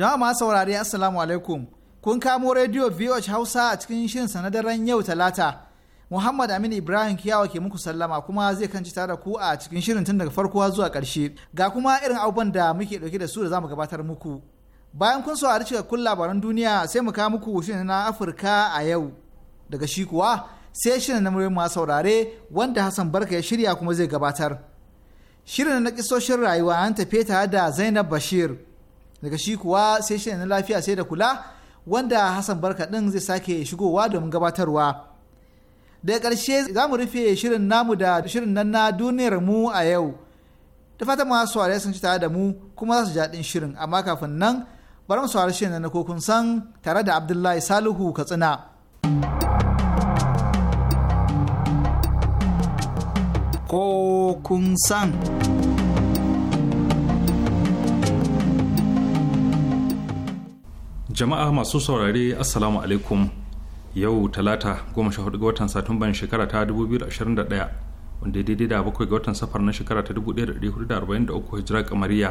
jama'a masu saurari assalamu alaikum kun kamo rediyo VOH Hausa a cikin shirin sanadaran yau talata Muhammad Aminu Ibrahim Kiyawa ke muku sallama kuma zai kan ci tare ku a cikin shirin tun daga farko zuwa ƙarshe ga kuma irin abubuwan da muke ɗauke da su da zamu gabatar muku bayan kun saurari cikakkun labaran duniya sai mu kawo muku shirin na Afirka a yau daga shi kuwa sai shirin na murin masu saurare wanda Hassan Barka ya shirya kuma zai gabatar shirin na kisoshin rayuwa an tafe tare da Zainab Bashir daga shi kuwa sai shi na lafiya sai da kula wanda hassan barka ɗin zai sake shigowa domin gabatarwa daga ƙarshe za mu rufe shirin namu da shirin nan na duniyar mu a yau da fatan masu saurare sun ci tare da mu kuma za su daɗin shirin amma kafin nan bari mu saurari shirin na kokun san tare da abdullahi salihu katsina kokun san jama'a masu saurare assalamu alaikum yau talata goma sha hudu ga watan satumban shekara ta 2021 wanda daidai da bakwai ga watan safar na shekara ta 1443 hijira kamariya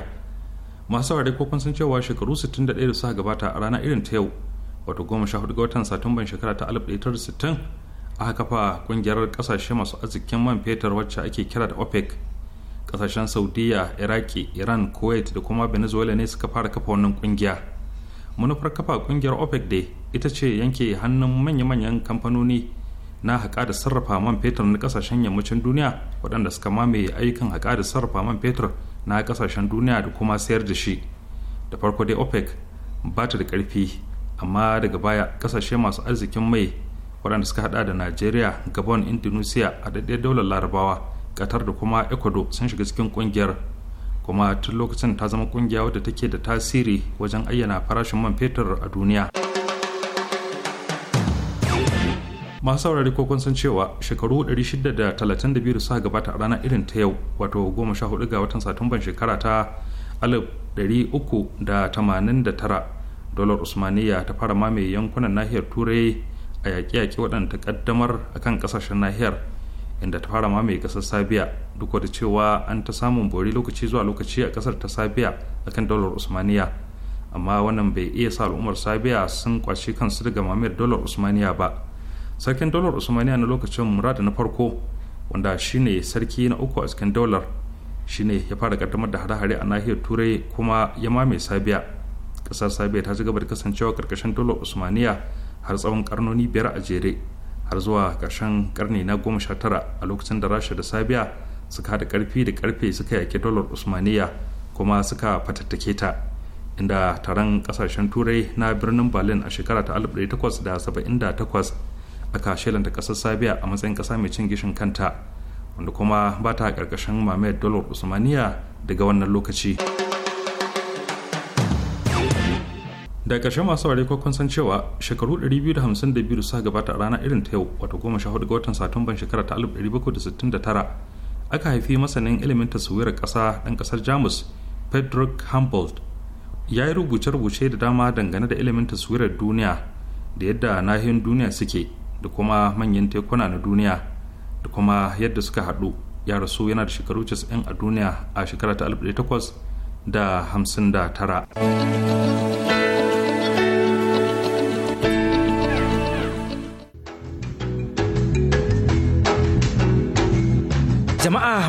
masu saurare ko kun san cewa shekaru 61 da suka gabata a rana irin ta yau wato goma sha hudu ga watan satumban shekara ta 1960 aka kafa kungiyar kasashe masu arzikin man fetur wacce ake kira da opec kasashen saudiya iraki iran kuwait da kuma venezuela ne suka fara kafa wannan kungiya manufar kafa kungiyar opec dai ita ce yanke hannun manya-manyan kamfanoni na haƙa da sarrafa man fetur na ƙasashen yammacin duniya waɗanda suka mamaye ayyukan haƙa da sarrafa man fetur na ƙasashen duniya da kuma sayar da shi da farko dai opec ba ta da ƙarfi amma daga baya ƙasashe masu arzikin mai waɗanda suka haɗa da najeriya gabon indonesia a daɗe daular larabawa qatar da kuma ecuador sun shiga cikin ƙungiyar kuma tun lokacin ta zama kungiya wadda take da tasiri wajen ayyana farashin man fetur a duniya masu saurari ko kun san cewa shekaru 632 da suka gabata a rana irin ta yau wato 14 ga watan satumban shekara ta 1389 dolar usmaniya ta fara mamaye yankunan nahiyar turai a yaƙi yaƙe waɗanda ta ƙaddamar kan ƙasashen nahiyar inda ta fara mamaye kasar sabiya duk da cewa an ta samun bori lokaci zuwa lokaci a kasar ta sabiya akan dalar usmaniya amma wannan bai iya sa al'ummar sabiya sun kwashi kansu daga mamayar dalar usmaniya ba sarkin dalar usmaniya na lokacin murad na farko wanda shine sarki na uku a cikin dalar shine ya fara kaddamar da hare-hare a nahiyar turai kuma ya mamaye sabiya kasar sabiya ta ci gaba da kasancewa karkashin dalar usmaniya har tsawon karnoni biyar a jere har zuwa ƙarshen ƙarni na goma sha tara a lokacin da rasha da sabiya suka haɗa ƙarfi da ƙarfe suka yaƙi dolar usmaniya kuma suka fatattake ta inda taron ƙasashen turai na birnin berlin a shekara ta 1878 aka shelanta ƙasar sabiya a matsayin ƙasa mai cin gishin kanta wanda kuma ba ta ƙarƙashin mamayar dolar usmaniya daga wannan lokaci. da ƙarshe masu saurare ko kun san cewa shekaru 252 da suka gabata rana irin ta yau wato 14 ga watan satumban shekara ta 1769 aka haifi masanin ilimin taswirar kasa ɗan kasar jamus pedro humboldt ya yi rubuce-rubuce da dama dangane da ilimin taswirar duniya da yadda nahiyar duniya suke da kuma manyan tekuna na duniya da kuma yadda suka haɗu ya rasu yana da shekaru 90 a duniya a shekara ta 1859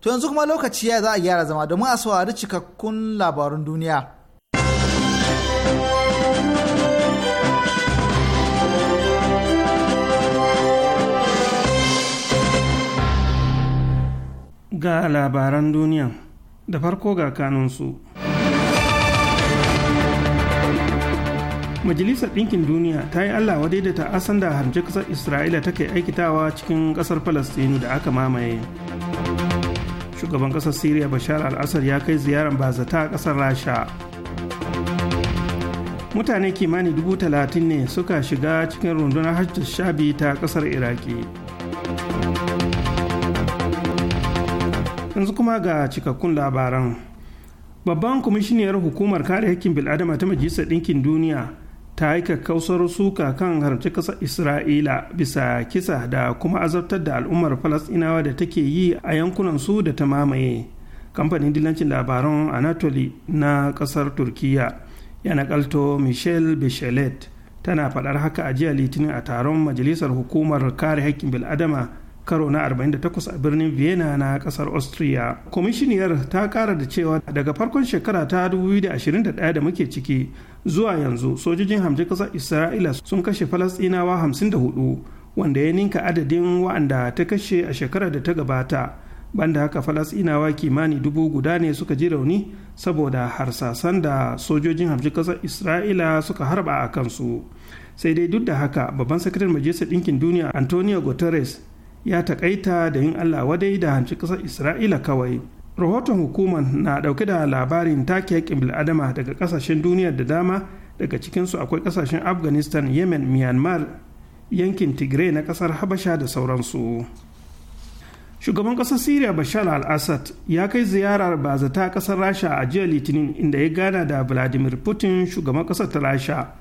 To yanzu kuma lokaci ya za a gyara zama domin a saurari cikakkun labarun duniya. Ga labaran duniya da farko ga kanunsu. Majalisar Ɗinkin Duniya ta yi Allah wadai da ta'asan da harje ƙasar Isra'ila kai aikitawa cikin ƙasar Falastinu da aka mamaye. shugaban ƙasar syria bashar al-assad ya kai ziyarar bazata a ƙasar rasha mutane kimanin dubu talatin ne suka shiga cikin rundunar sha shabi ta ƙasar iraki yanzu kuma ga cikakkun labaran babban kwamishiniyar hukumar kare hakkin bil'adama ta majalisar ɗinkin duniya ta aika kausar suka kan haramci ƙasar isra'ila bisa kisa da kuma azabtar da al'ummar falasɗinawa da take yi a yankunan su da ta mamaye kamfanin dilancin labaran anatoli na ƙasar turkiya ya nakalto michelle bichelet tana faɗar haka a jiya litinin a taron majalisar hukumar kare haƙƙin bil'adama karo na 48 a birnin vienna na kasar austria kwamishiniyar ta kara da cewa daga farkon shekara ta 2021 da muke ciki zuwa yanzu sojojin hamji kasar isra'ila sun kashe falasɗinawa 54 wanda ya ninka adadin wa'anda ta kashe a shekarar da ta gabata banda haka falasɗinawa kimani dubu guda ne suka ji rauni saboda harsasan da sojojin hamshi kasar isra'ila suka harba a kansu sai dai duk da haka babban sakataren majalisar ɗinkin duniya antonio guterres ya takaita da yin allah wadai da hanci ƙasar isra'ila kawai rahoton hukumar na ɗauke da labarin take yakin bil'adama daga ƙasashen duniya da dama daga cikinsu akwai ƙasashen afghanistan yemen myanmar yankin tigray na ƙasar habasha da sauransu shugaban ƙasar syria bashar al-assad ya kai ziyarar bazata ƙasar rasha a jiya litinin inda ya gana da vladimir putin shugaban ƙasar ta rasha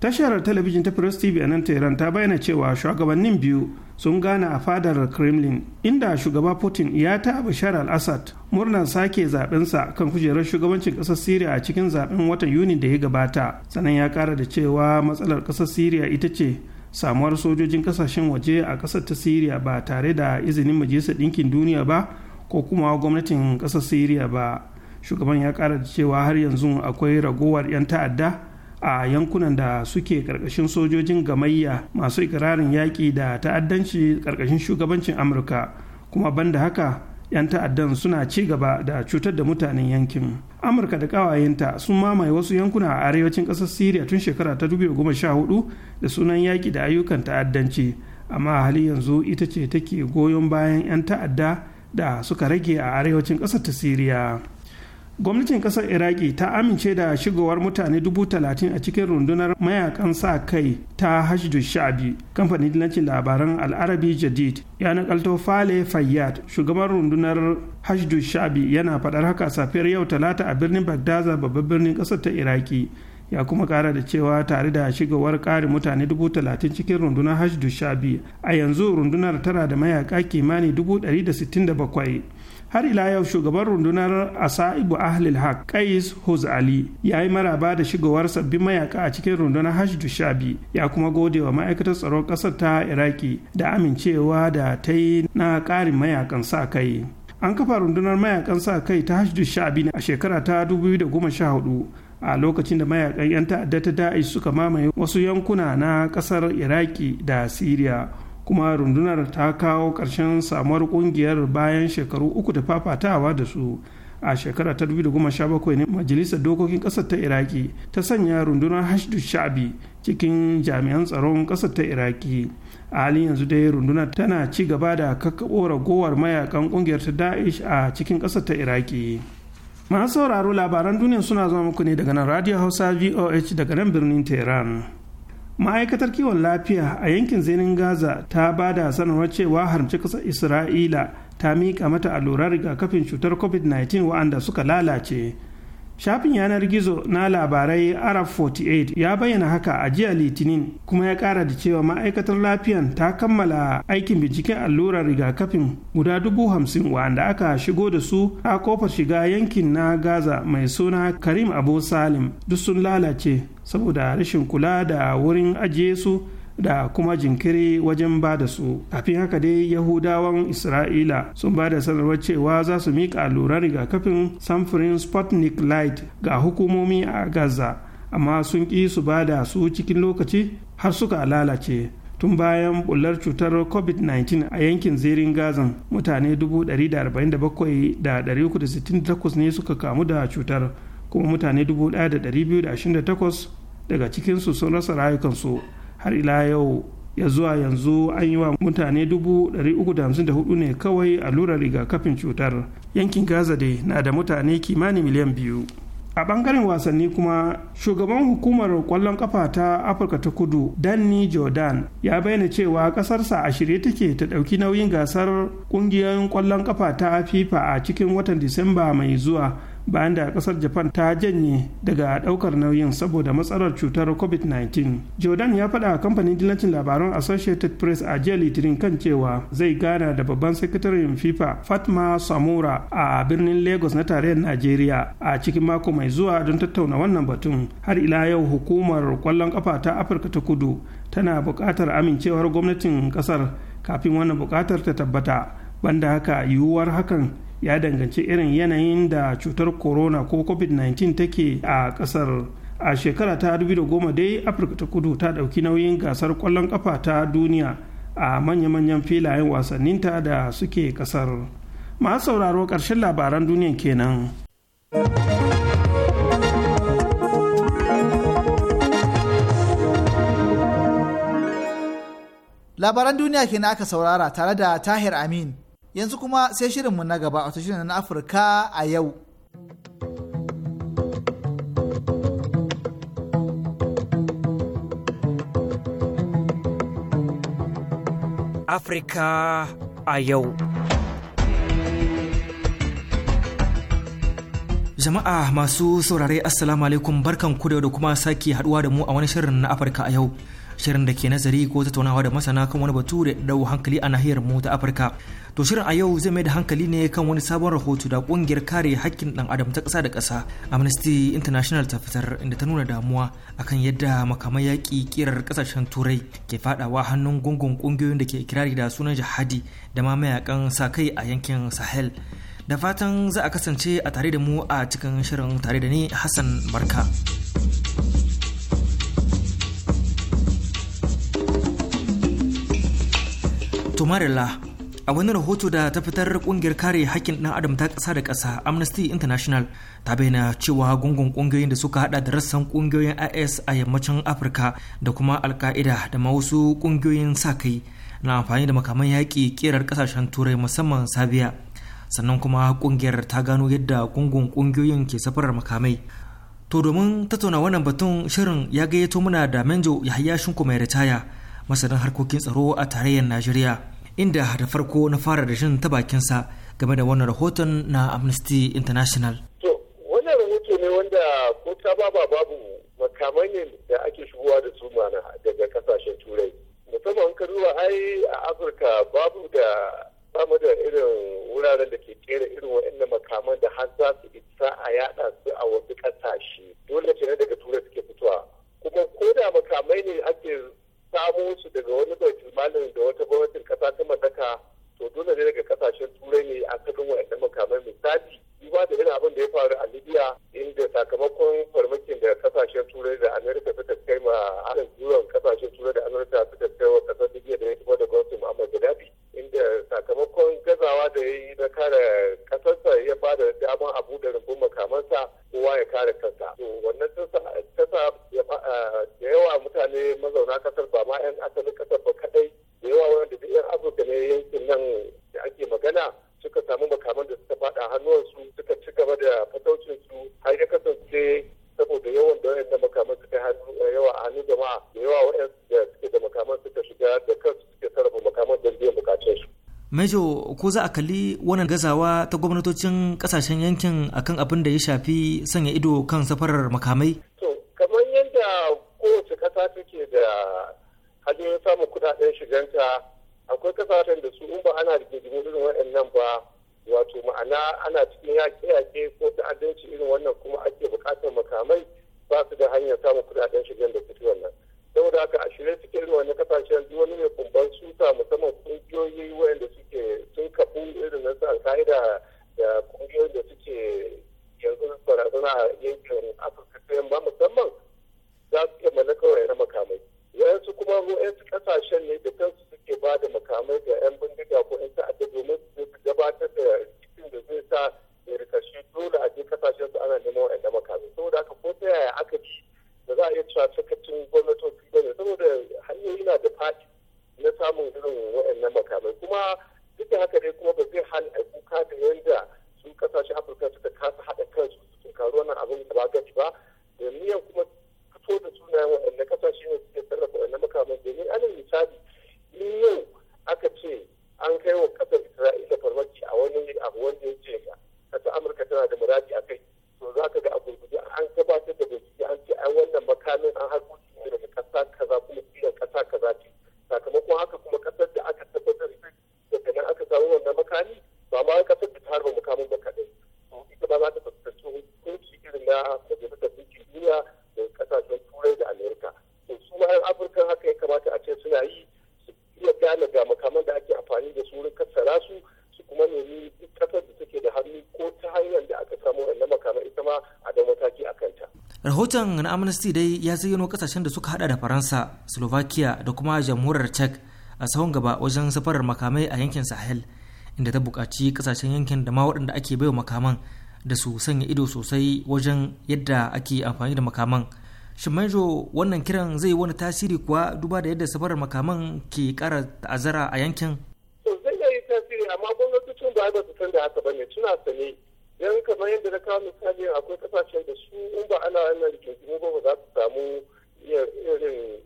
tashar talabijin ta press tv a nan tehran ta bayyana cewa shugabannin biyu sun gane a fadar kremlin inda shugaba putin ya ta bashar al-assad murnar sake zaɓensa kan kujerar shugabancin ƙasar syria a cikin zaɓen watan yuni da ya gabata sannan ya ƙara da cewa matsalar ƙasar syria ita ce samuwar sojojin ƙasashen waje a ƙasar ta syria ba tare da izinin majalisar ɗinkin duniya ba ko kuma gwamnatin ƙasar syria ba shugaban ya ƙara da cewa har yanzu akwai ragowar 'yan ta'adda a yankunan da suke karkashin sojojin gamayya masu ikirarin yaƙi da ta'addanci karkashin shugabancin amurka kuma banda haka 'yan ta'addan suna ci gaba da cutar da mutanen yankin amurka da ƙawayenta sun mamaye wasu yankuna a arewacin ƙasar syria tun shekara ta sha hudu da sunan yaƙi da ayyukan ta'addanci amma hali yanzu ita ce take goyon bayan 'yan ta'adda da suka rage a arewacin ƙasar ta syria gwamnatin kasar iraki ta amince da shigowar mutane dubu talatin a cikin rundunar mayakan sa kai ta hashdu shabi kamfanin dinancin labaran al'arabi jadid ya nakalto fale fayyad shugaban rundunar hashdu shabi yana fadar haka safiyar yau talata a birnin bagdaza babban birnin kasar ta iraki ya kuma kara da cewa tare da shigowar kari mutane dubu talatin cikin rundunar hashdu sha'abi a yanzu rundunar tara da mayaka kimanin dubu ɗari da sittin da bakwai har ila yau shugaban rundunar asa'ibu ahlil haq qais hoz ali ya yi maraba da shigowar sabbin mayaka a cikin rundunar hashdu shabi ya kuma gode wa ma'aikatar tsaron ƙasar ta iraki da amincewa da ta yi na karin mayakan sa kai an kafa rundunar mayakan sa kai ta hashdu shabi a shekara ta 2014 a lokacin da mayakan 'yan ta'adda ta da'ish suka mamaye wasu yankuna na kasar iraki da siriya kuma rundunar ta kawo ƙarshen samuwar ƙungiyar bayan shekaru uku da fafatawa da su a shekara ta 2017 ne majalisar dokokin ƙasar ta iraki ta sanya rundunar hashdu sha'abi cikin jami'an tsaron ƙasar ta iraki a halin yanzu dai rundunar tana ci gaba da kakkaɓo ragowar mayakan ƙungiyar ta da'ish a cikin ƙasar ta iraki masu sauraro labaran duniya suna zuwa muku ne daga nan radio hausa voh daga nan birnin tehran ma'aikatar kiwon lafiya a yankin zirin gaza ta ba da sanarwar cewa harmci ƙasar isra'ila ta miƙa mata allurar rigakafin cutar covid-19 wa'anda suka lalace shafin yanar gizo na labarai arab 48 ya bayyana haka a jiya litinin kuma ya kara da cewa ma'aikatar lafiyan ta kammala aikin binciken allurar rigakafin guda dubu hamsin wanda aka shigo da su a kofar shiga yankin na gaza mai suna karim abu salim duk sun lalace saboda rashin kula da wurin ajiye su da kuma jinkiri wajen ba da su kafin haka dai yahudawan isra'ila sun ba da sanarwar cewa za su miƙa alluran rigakafin samfurin sputnik light ga hukumomi a gaza amma sun ƙi su ba da su cikin lokaci har suka lalace tun bayan bular cutar covid-19 a yankin zirin gazan mutane 147,368 ne suka kamu da cutar kuma mutane 1,228 daga cikinsu sun rasa rayukansu har ila yau ya zuwa yanzu an yi wa mutane 354 ne kawai allurar rigakafin cutar yankin gaza dai na da mutane kimanin miliyan biyu a bangaren wasanni kuma shugaban hukumar kwallon kafa ta afirka ta kudu danny jordan ya bayyana cewa kasarsa a shirye take ta ɗauki nauyin gasar kungiyoyin kwallon kafa ta fifa a cikin watan disamba mai zuwa bayan da kasar japan ta janye daga daukar nauyin saboda matsalar cutar covid-19 jordan ya faɗa a kamfanin dillancin labaran associated press a jiya litinin kan cewa zai gana da babban sakataren fifa fatma samura a birnin lagos na tarayyar najeriya a cikin mako mai zuwa don tattauna wannan batun har ila yau hukumar kwallon kafa ta afirka ta kudu tana buƙatar amincewar gwamnatin kasar kafin wannan buƙatar ta tabbata banda haka yiwuwar hakan ya danganci irin yanayin da cutar corona ko covid-19 take a kasar a shekara ta 2010 dai afirka ta kudu ta dauki nauyin gasar kwallon kafa ta duniya a manya-manyan filayen wasanninta da suke kasar ma sauraro karshen labaran duniya kenan. labaran duniya kenan aka saurara tare da tahir amin yanzu kuma sai shirinmu na gaba a shirin na afirka a yau afirka a yau Jama'a masu saurare Assalamu alaikum barkan ku da kuma sake haduwa da mu a wani shirin na Afirka a yau. Shirin da ke nazari ko tattaunawa da masana kan wani batu da dau hankali a nahiyar mu ta Afirka. To shirin a yau zai mai da hankali ne kan wani sabon rahoto da kungiyar kare hakkin dan adam ta ƙasa da ƙasa Amnesty International ta fitar inda ta nuna damuwa akan yadda makamai yaƙi kirar ƙasashen Turai ke fadawa hannun gungun ƙungiyoyin da ke kirari da sunan jihadi da ma mayakan sa kai a yankin Sahel. da fatan za a kasance a tare da mu a cikin shirin tare da ni hassan barka tumarilla a wani rahoto da ta fitar kungiyar kare hakkin ɗan adam ta ƙasa da ƙasa amnesty international ta bayyana cewa gungun kungiyoyin da suka hada da rassan ƙungiyoyin is a yammacin afirka da kuma alka'ida da ma wasu ƙungiyoyin sa kai na amfani da makaman yaƙi ƙerar ƙasashen turai musamman sabiya sannan kuma kungiyar ta gano yadda gungun kungiyoyin ke safarar makamai to domin tattauna wannan batun shirin ya gayyato muna da menjo haya shinku mai ritaya masanin harkokin tsaro a tarayyar najeriya inda da farko na fara da shin ta bakinsa game da wannan rahoton na amnesty international wannan rahoto ne wanda ko babu makamai da ake shigowa da su mana daga kasashen turai musamman ka duba ai a afirka babu da ba da irin wuraren da ke kera irin waɗannan makaman da har za su isa a yada su a wasu ƙasashe dole ce ne daga turai suke fitowa kuma ko da makamai ne ake samo su daga wani baitul malin da wata gwamnatin ƙasa ta mallaka to dole ne daga kasashen turai ne a cikin waɗannan makamai misali duba da yana abin da ya faru a libya inda sakamakon farmakin da kasashen turai da amerika suka kai ma alin zuwan kasashen turai da amerika suka kai wa kasar libya da ya kuma da gwamnati muhammad gaddafi inda sakamakon gazawa da ya yi na kare kasarsa ya ba da daman a buɗe rumbun makamansa kowa ya kare kansa to wannan da yawa mutane mazauna kasar ba ma 'yan asalin kasar ba kadai da yawa wanda duk yan afirka ne yankin nan da ake magana suka samu makaman da suka fada hannuwansu suka ci gaba da fataucin su har ya kasance saboda yawan da wayan da makaman suka eh, yawa a hannun jama'a da yawa wayan da suke da makaman suka shiga da kansu suke sarrafa makaman don biyan bukatun su. Mejo ko za a kalli wannan gazawa ta gwamnatocin kasashen yankin akan abin da ya shafi sanya ido kan safarar makamai? To kamar yadda kowace kasa take da ya samu kudaden shiganta akwai kasashen da su in ba ana rigingimu irin waɗannan ba wato ma'ana ana cikin yaƙe-yaƙe ko ta'addanci irin wannan kuma ake buƙatar makamai ba su da hanyar samun kudaden shigan da fito wannan saboda haka a shirye suke irin wannan kasashen duk wani mai amnesty dai ya zayyano kasashen da suka hada da faransa slovakia da kuma jamhuriyar czech a tsawon gaba wajen safarar makamai a yankin sahel inda ta bukaci kasashen yankin da ma waɗanda ake baiwa makaman da su sanya ido sosai wajen yadda ake amfani da makaman shin manjo wannan kiran zai wani tasiri kuwa duba da yadda safarar makaman ke kara ta'azara a yankin zai yi tasiri amma gwamnatocin ba su da haka bane suna sane don kamar yadda na kawo misali akwai kasashen da su in ba ana wannan ba ba za su samu irin yan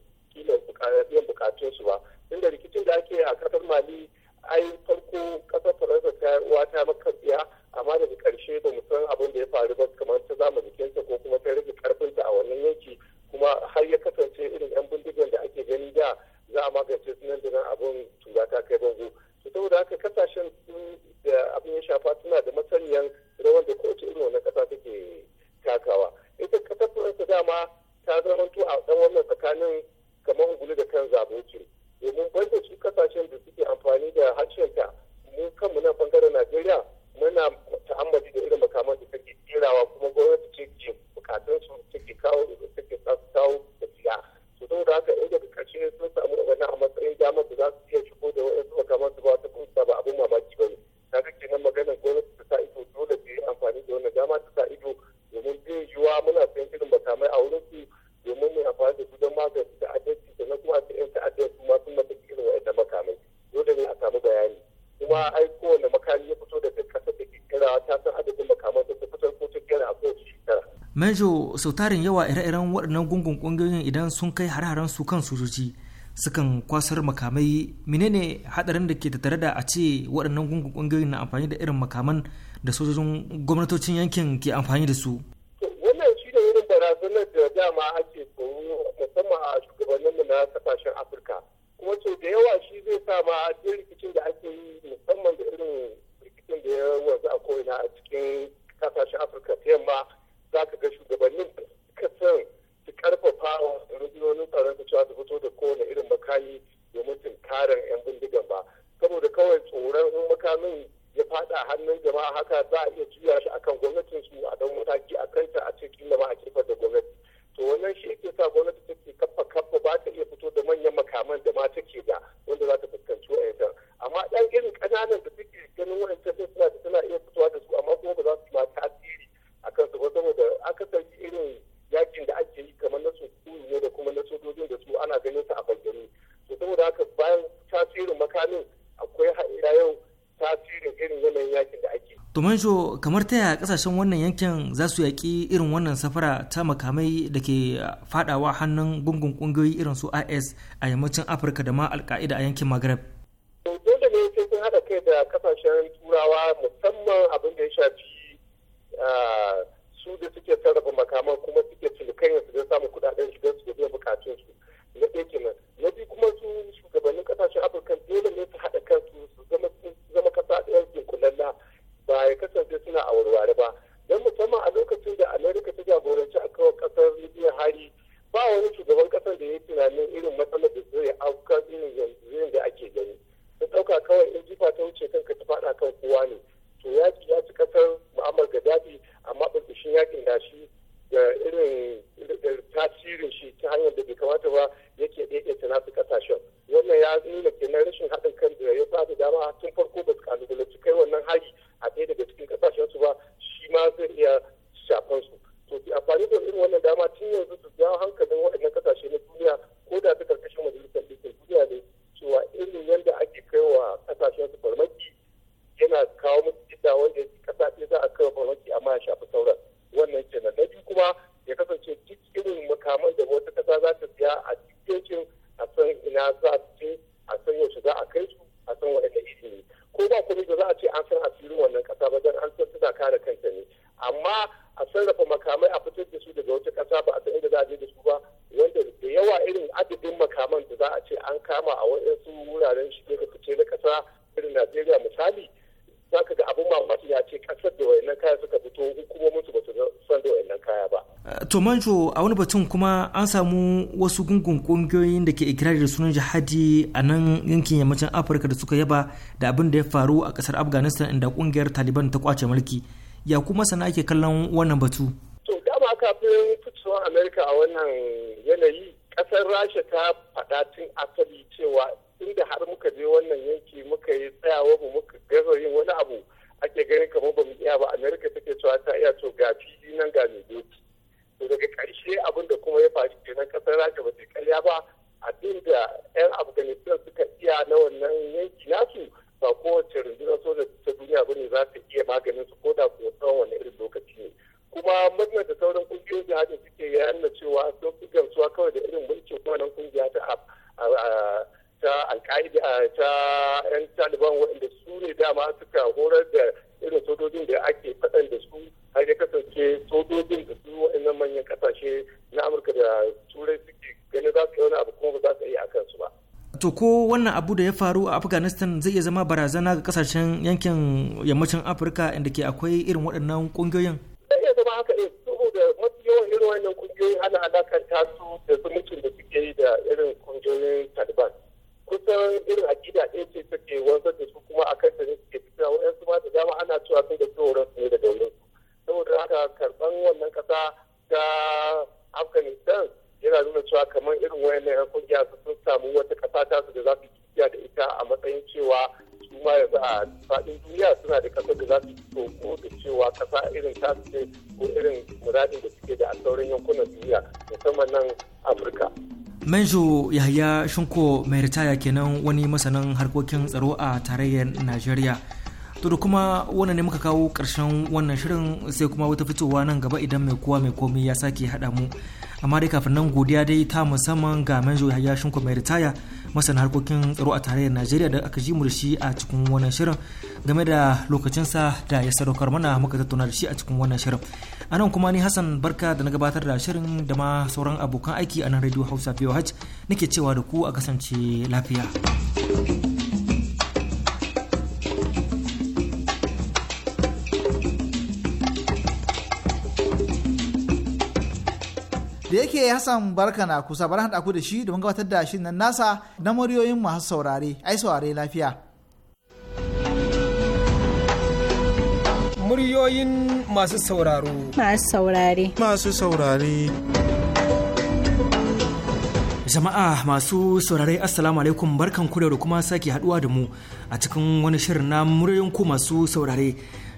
biyan su ba inda rikicin da ake a kasar mali ai farko kasar faransa ta maka makarbiya amma daga karshe ba mu san abin da ya faru ba kamar ta zama jikinta ko kuma ta rage karfinta a wannan yanki kuma har ya kasance irin yan bindigan da ake gani da za a magance su nan da nan abin tura ta kai bango saboda haka kasashen da abin ya shafa suna da masaniyan rawar da kowace irin wannan kasa take takawa ita kasar faransa dama ta zama zamanto a dan wannan tsakanin kamar ungulu da kan zaboki domin banda su kasashen da suke amfani da harshen ta mu kanmu na bangaren najeriya muna ta'ammali da irin makaman da take kuma gwamnati ce ke bukatun su take kawo da take kawo da siya to saboda haka in daga ƙarshe sun samu wannan a matsayin damar da za su iya shigo da waɗansu makaman su ba ta kunsa ba abin mamaki ba ne ta kake nan maganar gwamnati ta sa ido dole ta yi amfani da wannan dama ta sa ido domin zai yiwuwa muna sayan irin makamai a wurin su domin mu amfani da su don magance da na kuma a yan ta'adda su ma sun mata irin waɗannan makamai dole ne a samu bayani kuma ai kowane makami ya fito daga kasa da ke ta san adadin makaman da ta fitar ko ta kira a kowace Mejo sau tarin yawa ire-iren waɗannan gungun ƙungiyoyin idan sun kai har-haren su kan sojoji sukan kwasar makamai menene hadarin da ke tattare da a ce waɗannan gungun ƙungiyoyin na amfani da irin makaman da sojojin gwamnatocin yankin ke amfani da su. Wannan shi da irin barazanar da dama ake tsoro musamman a shugabanninmu na kasashen Afirka. Kuma sau da yawa shi zai sa ma duk rikicin da ake yi musamman da irin rikicin da ya wanzu a ko'ina a cikin kasashen Afirka ta yamma so kamar ta yaya kasashen wannan yankin za su yaƙi irin wannan safara ta makamai da ke fadawa hannun gungun ƙungiyoyi irin su IS a yammacin Afirka da ma Alka'ida a yankin Maghreb. Obasanjo a wani batun kuma an samu wasu gungun kungiyoyin da ke ikirari da sunan jihadi a nan yankin yammacin Afirka da suka yaba da abin da ya faru a kasar Afghanistan inda kungiyar Taliban ta kwace mulki. Ya kuma sana ake kallon wannan batu. abu da ya faru a afghanistan zai iya zama barazana ga kasashen yankin yammacin afirka inda ke akwai irin waɗannan ƙungiyoyin zai iya zama haka ne saboda mafi yawan irin wannan ƙungiyoyi ana alakanta su da mutum da suke yi da irin ƙungiyoyin taliban kusan irin akida ɗaya ce suke wanzar da su kuma a kan ne suke fita waɗansu ma da dama ana cewa sun da tsoron su ne da daurin saboda haka karɓan wannan ƙasa ta afghanistan yana nuna cewa kamar irin wayannan yan kungiya sun samu wata kasa ta su da za su tafiya da ita a matsayin cewa su ma yanzu a faɗin duniya suna da kasar da za su ko da cewa kasa irin ta ce ko irin muradin da suke da a sauran yankunan duniya musamman nan afirka Menjo Yahya Shinko mai ritaya kenan wani masanin harkokin tsaro a tarayyar Najeriya. To da kuma wannan ne muka kawo ƙarshen wannan shirin sai kuma wata fitowa nan gaba idan mai kowa mai komi ya sake haɗa mu. amma dai kafin nan godiya dai ta musamman ga manjo ya shinko mai ritaya masana harkokin tsaro a tarayyar najeriya da aka ji mu da shi a cikin wannan shirin game da lokacinsa da ya sadaukar mana muka tattauna da shi a cikin wannan shirin a nan kuma ni hassan barka da na gabatar da shirin da ma sauran abokan aiki a nan radio hausa hajj nake cewa da ku a kasance lafiya. da yake hassan barka na kusa bar haɗa ku da shi domin gabatar da shi nan nasa na muryoyin masu saurare ai saurare lafiya muryoyin masu sauraro masu saurare masu saurare jama'a masu saurare assalamu alaikum barkan ku da kuma sake haduwa da mu a cikin wani shirin na muryoyin ku masu saurare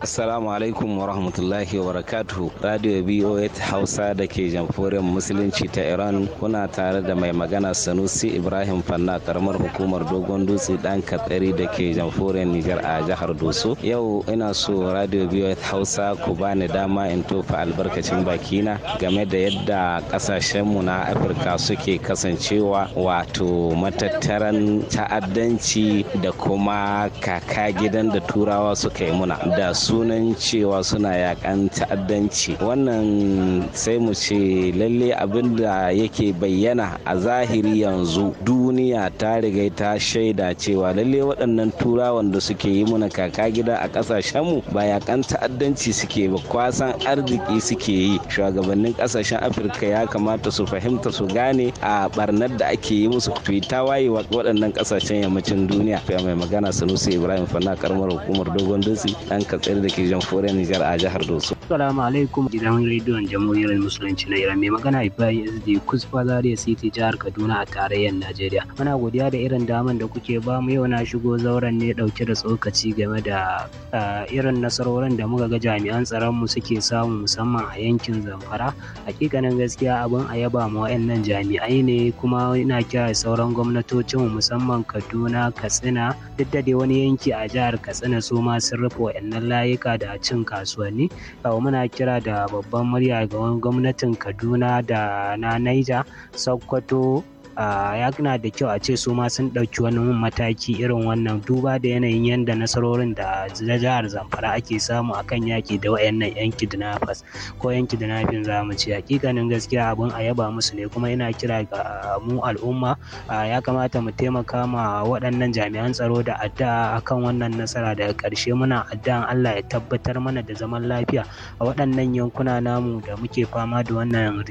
Assalamu alaikum wa rahmatullahi wa barakatuhu. Radio BOA Hausa da ke jamhuriyar Musulunci ta Iran kuna tare da mai magana Sanusi Ibrahim Fanna karamar hukumar Dogon Dutse dan Katsari da ke jamhuriyar Nijar a jihar Doso. Yau ina so Radio BOA Hausa ku bani dama in tofa albarkacin bakina game da yadda kasashenmu na Afirka suke kasancewa wato matattaran ta'addanci da kuma kaka gidan da turawa suka yi muna da su sunan cewa suna yakan ta'addanci wannan sai mu ce lalle abin da yake bayyana a zahiri yanzu duniya ta riga ta shaida cewa lalle waɗannan turawan da suke yi muna kaka gida a ƙasashenmu ba yakan ta'addanci suke ba kwasan arziki suke yi shugabannin ƙasashen afirka ya kamata su fahimta su gane a barnar da ake yi musu ta waye waɗannan ƙasashen yammacin duniya mai magana sanusi ibrahim fana karamar hukumar dogon dutse ɗan katsir da ke jamhuriyar Nijar a jihar Doso. Assalamu alaikum gidan rediyon jamhuriyar musulunci na Iran mai magana Ibrahim SD Kusfa Zaria City jihar Kaduna a tarayyar Najeriya. Muna godiya da irin daman da kuke ba mu yau na shigo zauren ne dauke da tsokaci game da eh, irin nasarorin da muka ga jami'an tsaron mu suke samu musamman a yankin Zamfara. Hakikanin gaskiya abin a yaba mu wayannan jami'ai ne kuma ina kira sauran gwamnatocin musamman Kaduna, Katsina, duk da dai wani yanki a jihar Katsina su ma sun rufe wayannan layi ayyuka da cin kasuwanni muna kira da babban murya ga gwamnatin kaduna da na naija sokoto ya na da kyau a ce su ma sun ɗauki wani mataki irin wannan duba da yanayin yadda nasarorin da jihar zamfara ake samu akan yaki da wayannan yan kidnappers ko yan kidnapping za mu ce hakikanin gaskiya abin a yaba musu ne kuma ina kira ga mu al'umma ya kamata mu taimaka ma waɗannan jami'an tsaro da addu'a akan wannan nasara daga ƙarshe muna addu'an Allah ya tabbatar mana da zaman lafiya a waɗannan yankuna namu da muke fama da wannan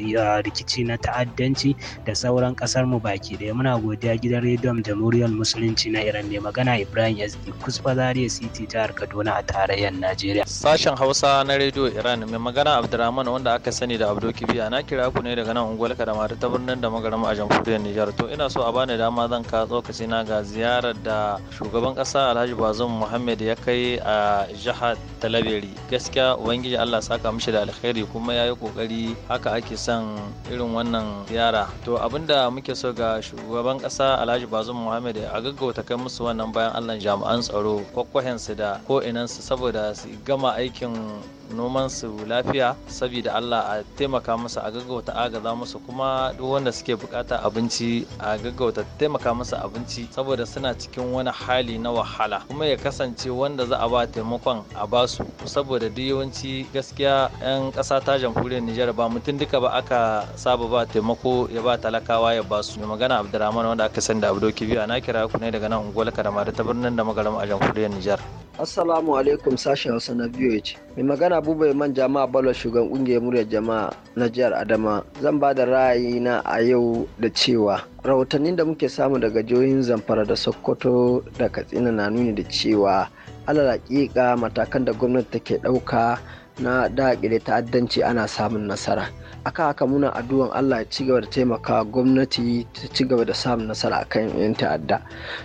rikici na ta'addanci da sauran ƙasar mu baki daya muna godiya gidan rediyon jamhuriyar musulunci na iran mai magana ibrahim sd kusfa zaria city jihar kaduna a tarayyar najeriya sashen hausa na rediyo iran mai magana Abdulrahman, wanda aka sani da abdo kibiya na kira ku ne daga nan unguwar kadama ta birnin da magarama a jamhuriyar nijar to ina so a bani dama zan ka tsokaci na ga ziyarar da shugaban kasa alhaji bazum muhammad ya kai a jihar talabiri gaskiya ubangiji allah saka mishi da alkhairi kuma ya yi kokari haka ake son irin wannan ziyara to abinda muke so ga shugaban kasa Alhaji Bazum Muhammad a gaggauta kai musu wannan bayan Allah jami'an tsaro kwakwahensu da ko'inansu saboda su gama aikin noman su lafiya saboda Allah a taimaka musu a gaggauta agaza musu kuma duk wanda suke bukata abinci a gaggauta taimaka musu abinci saboda suna cikin wani hali na wahala kuma ya kasance wanda za a ba taimakon a basu saboda duk yawanci gaskiya 'yan ƙasa ta jamhuriyar Nijar ba mutum duka ba aka saba ba taimako ya ba talakawa ya basu mai magana Abdurrahman wanda aka sani da Abdoki biya na kira ku ne daga nan unguwar Kadamare ta birnin da magaram a jamhuriyar Nijar assalamu alaikum sashen Hausa na biyu mai magana abu bai man jama'a balwa shugaban kungiyar muryar jama'a na jihar adama zan ba da ra'ayina a yau da cewa rahotannin da muke samu daga jihohin zamfara da sokoto da katsina na nuni da cewa alal matakan da gwamnati take ɗauka na daƙile ta'addanci ana samun nasara akan haka muna addu'an Allah ya ci gaba da taimaka gwamnati ta ci gaba da samun nasara a kan yan ta'adda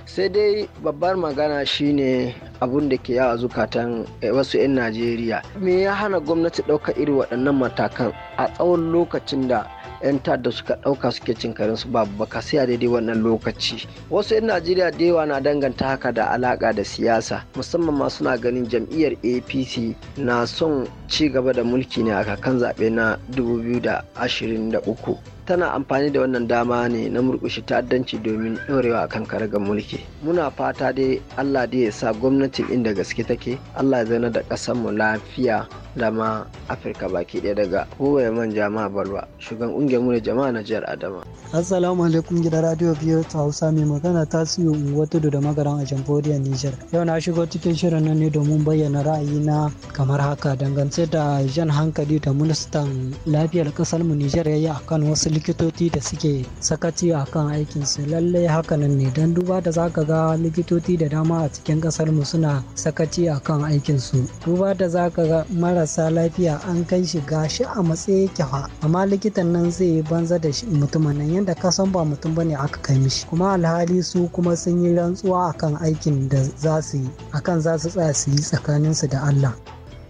sai dai babbar magana shine abun da ke yawa zukatan eh, wasu 'yan najeriya me ya hana gwamnati ɗaukar irin waɗannan matakan a tsawon lokacin da 'yan da suka ɗauka suke cin karin su babu baka sai a daidai wannan lokaci wasu 'yan najeriya da yawa na danganta haka da alaka da siyasa musamman ma suna ganin jam'iyyar apc na son ci gaba da mulki ne a kakan zaɓe na 2023 tana amfani da wannan dama ne na murkushe ta'addanci domin ɗorewa kan karagar mulki muna fata dai allah dai ya sa gwamnatin inda gaske take allah ya zauna da mu lafiya da ma afirka baki ɗaya daga kowaye man jama'a balwa shugan ƙungiyar mu jama'a na jihar adama assalamu alaikum gidan radio biyu ta hausa mai magana ta siyo wata tudu da magaran a jamhuriyar niger yau na shigo cikin shirin nan ne domin bayyana na kamar haka dangance da jan hankali da ministan lafiyar ƙasar mu niger ya yi akan wasu likitoci da suke sakaci a kan aikinsu lallai hakanan ne don duba da zaka ga likitoci da dama a cikin kasar mu suna sakaci a kan aikinsu duba da zaka ga marasa lafiya an kai shi gashi a matsayi yake amma likitan nan zai yi banza da mutumin nan yadda ka san ba mutum ba ne aka kai mishi kuma alhali su kuma sun yi rantsuwa akan aikin da za su yi akan za su tsaya su yi tsakaninsu da Allah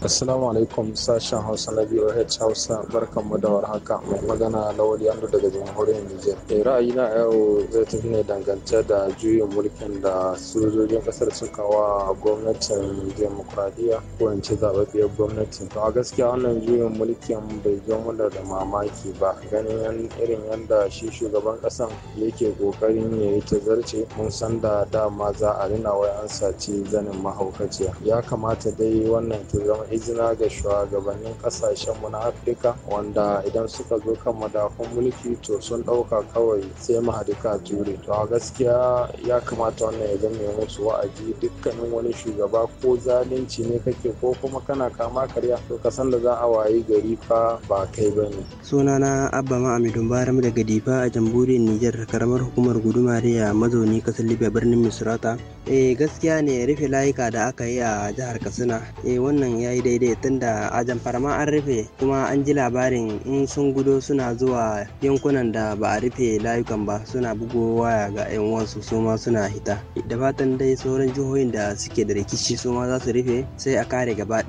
Assalamu alaikum sashen Hausa na BOH Hausa barkanmu da warhaka mai magana Lawal Yando daga jamhuriyar Nijar. Eh ra'ayina yau zai tafi ne dangance da juyin mulkin da sojojin kasar suka wa gwamnatin demokuraɗiyya ko in ce zababiyar gwamnati. To a gaskiya wannan juyin mulkin bai zo mana da mamaki ba ganin irin yadda shi shugaban ƙasan yake ƙoƙarin ya yi tazarce mun san da dama za a rina wai an sace zanin mahaukaciya. Ya kamata dai wannan ta zama izina ga shugabannin kasashenmu na afirka wanda idan suka zo kan madafun mulki to sun ɗauka kawai sai mahadika ture to a gaskiya ya kamata wannan ya zama musu wa'azi dukkanin wani shugaba ko zalunci ne kake ko kuma kana kama karya to ka san da za a wayi gari fa ba kai ba ne. na abba ma'amidun baram daga difa a jamhuriyar nijar karamar hukumar gudumariya mazauni kasar libya birnin misrata eh gaskiya ne rufe layika da aka yi a jihar katsina eh wannan ya yi daidai tunda a jamfara ma an rufe kuma an ji labarin in sun gudo suna zuwa yankunan da ba a rufe layukan ba suna bugo waya ga 'yan uwansu su ma suna hita da fatan dai sauran jihohin da suke da rikici su ma za su rufe sai a kare gaba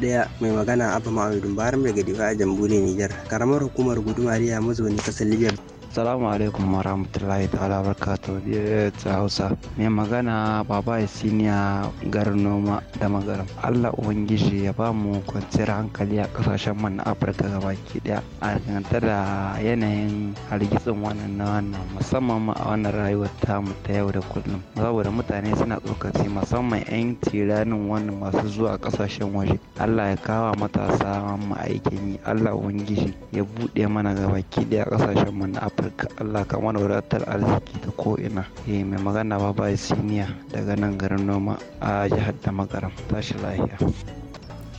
daya mai magana abu ma'amudin baram daga a jamhuriyar nijar karamar hukumar gudumariya mazauni kasar libya Salamu alaikum wa rahmatullahi ta'ala barkatu ta Hausa. Mai magana baba ya siniya garin noma da magaram. Allah Ubangiji ya ba mu kwanciyar hankali a kasashen man Afirka gabaki daya. A danganta da yanayin hargitsin wannan na wannan musamman ma a wannan rayuwar tamu ta yau da kullum. Saboda mutane suna tsokaci musamman 'yan tiranin wannan masu zuwa kasashen waje. Allah ya kawo matasa mu aikin yi. Allah Ubangiji ya buɗe mana gabaki daya kasashen man Afirka. afirka allah ka mana wadatar arziki ta ko'ina eh mai magana ba ba siniya daga nan garin noma a jihar da magaram tashi lahiya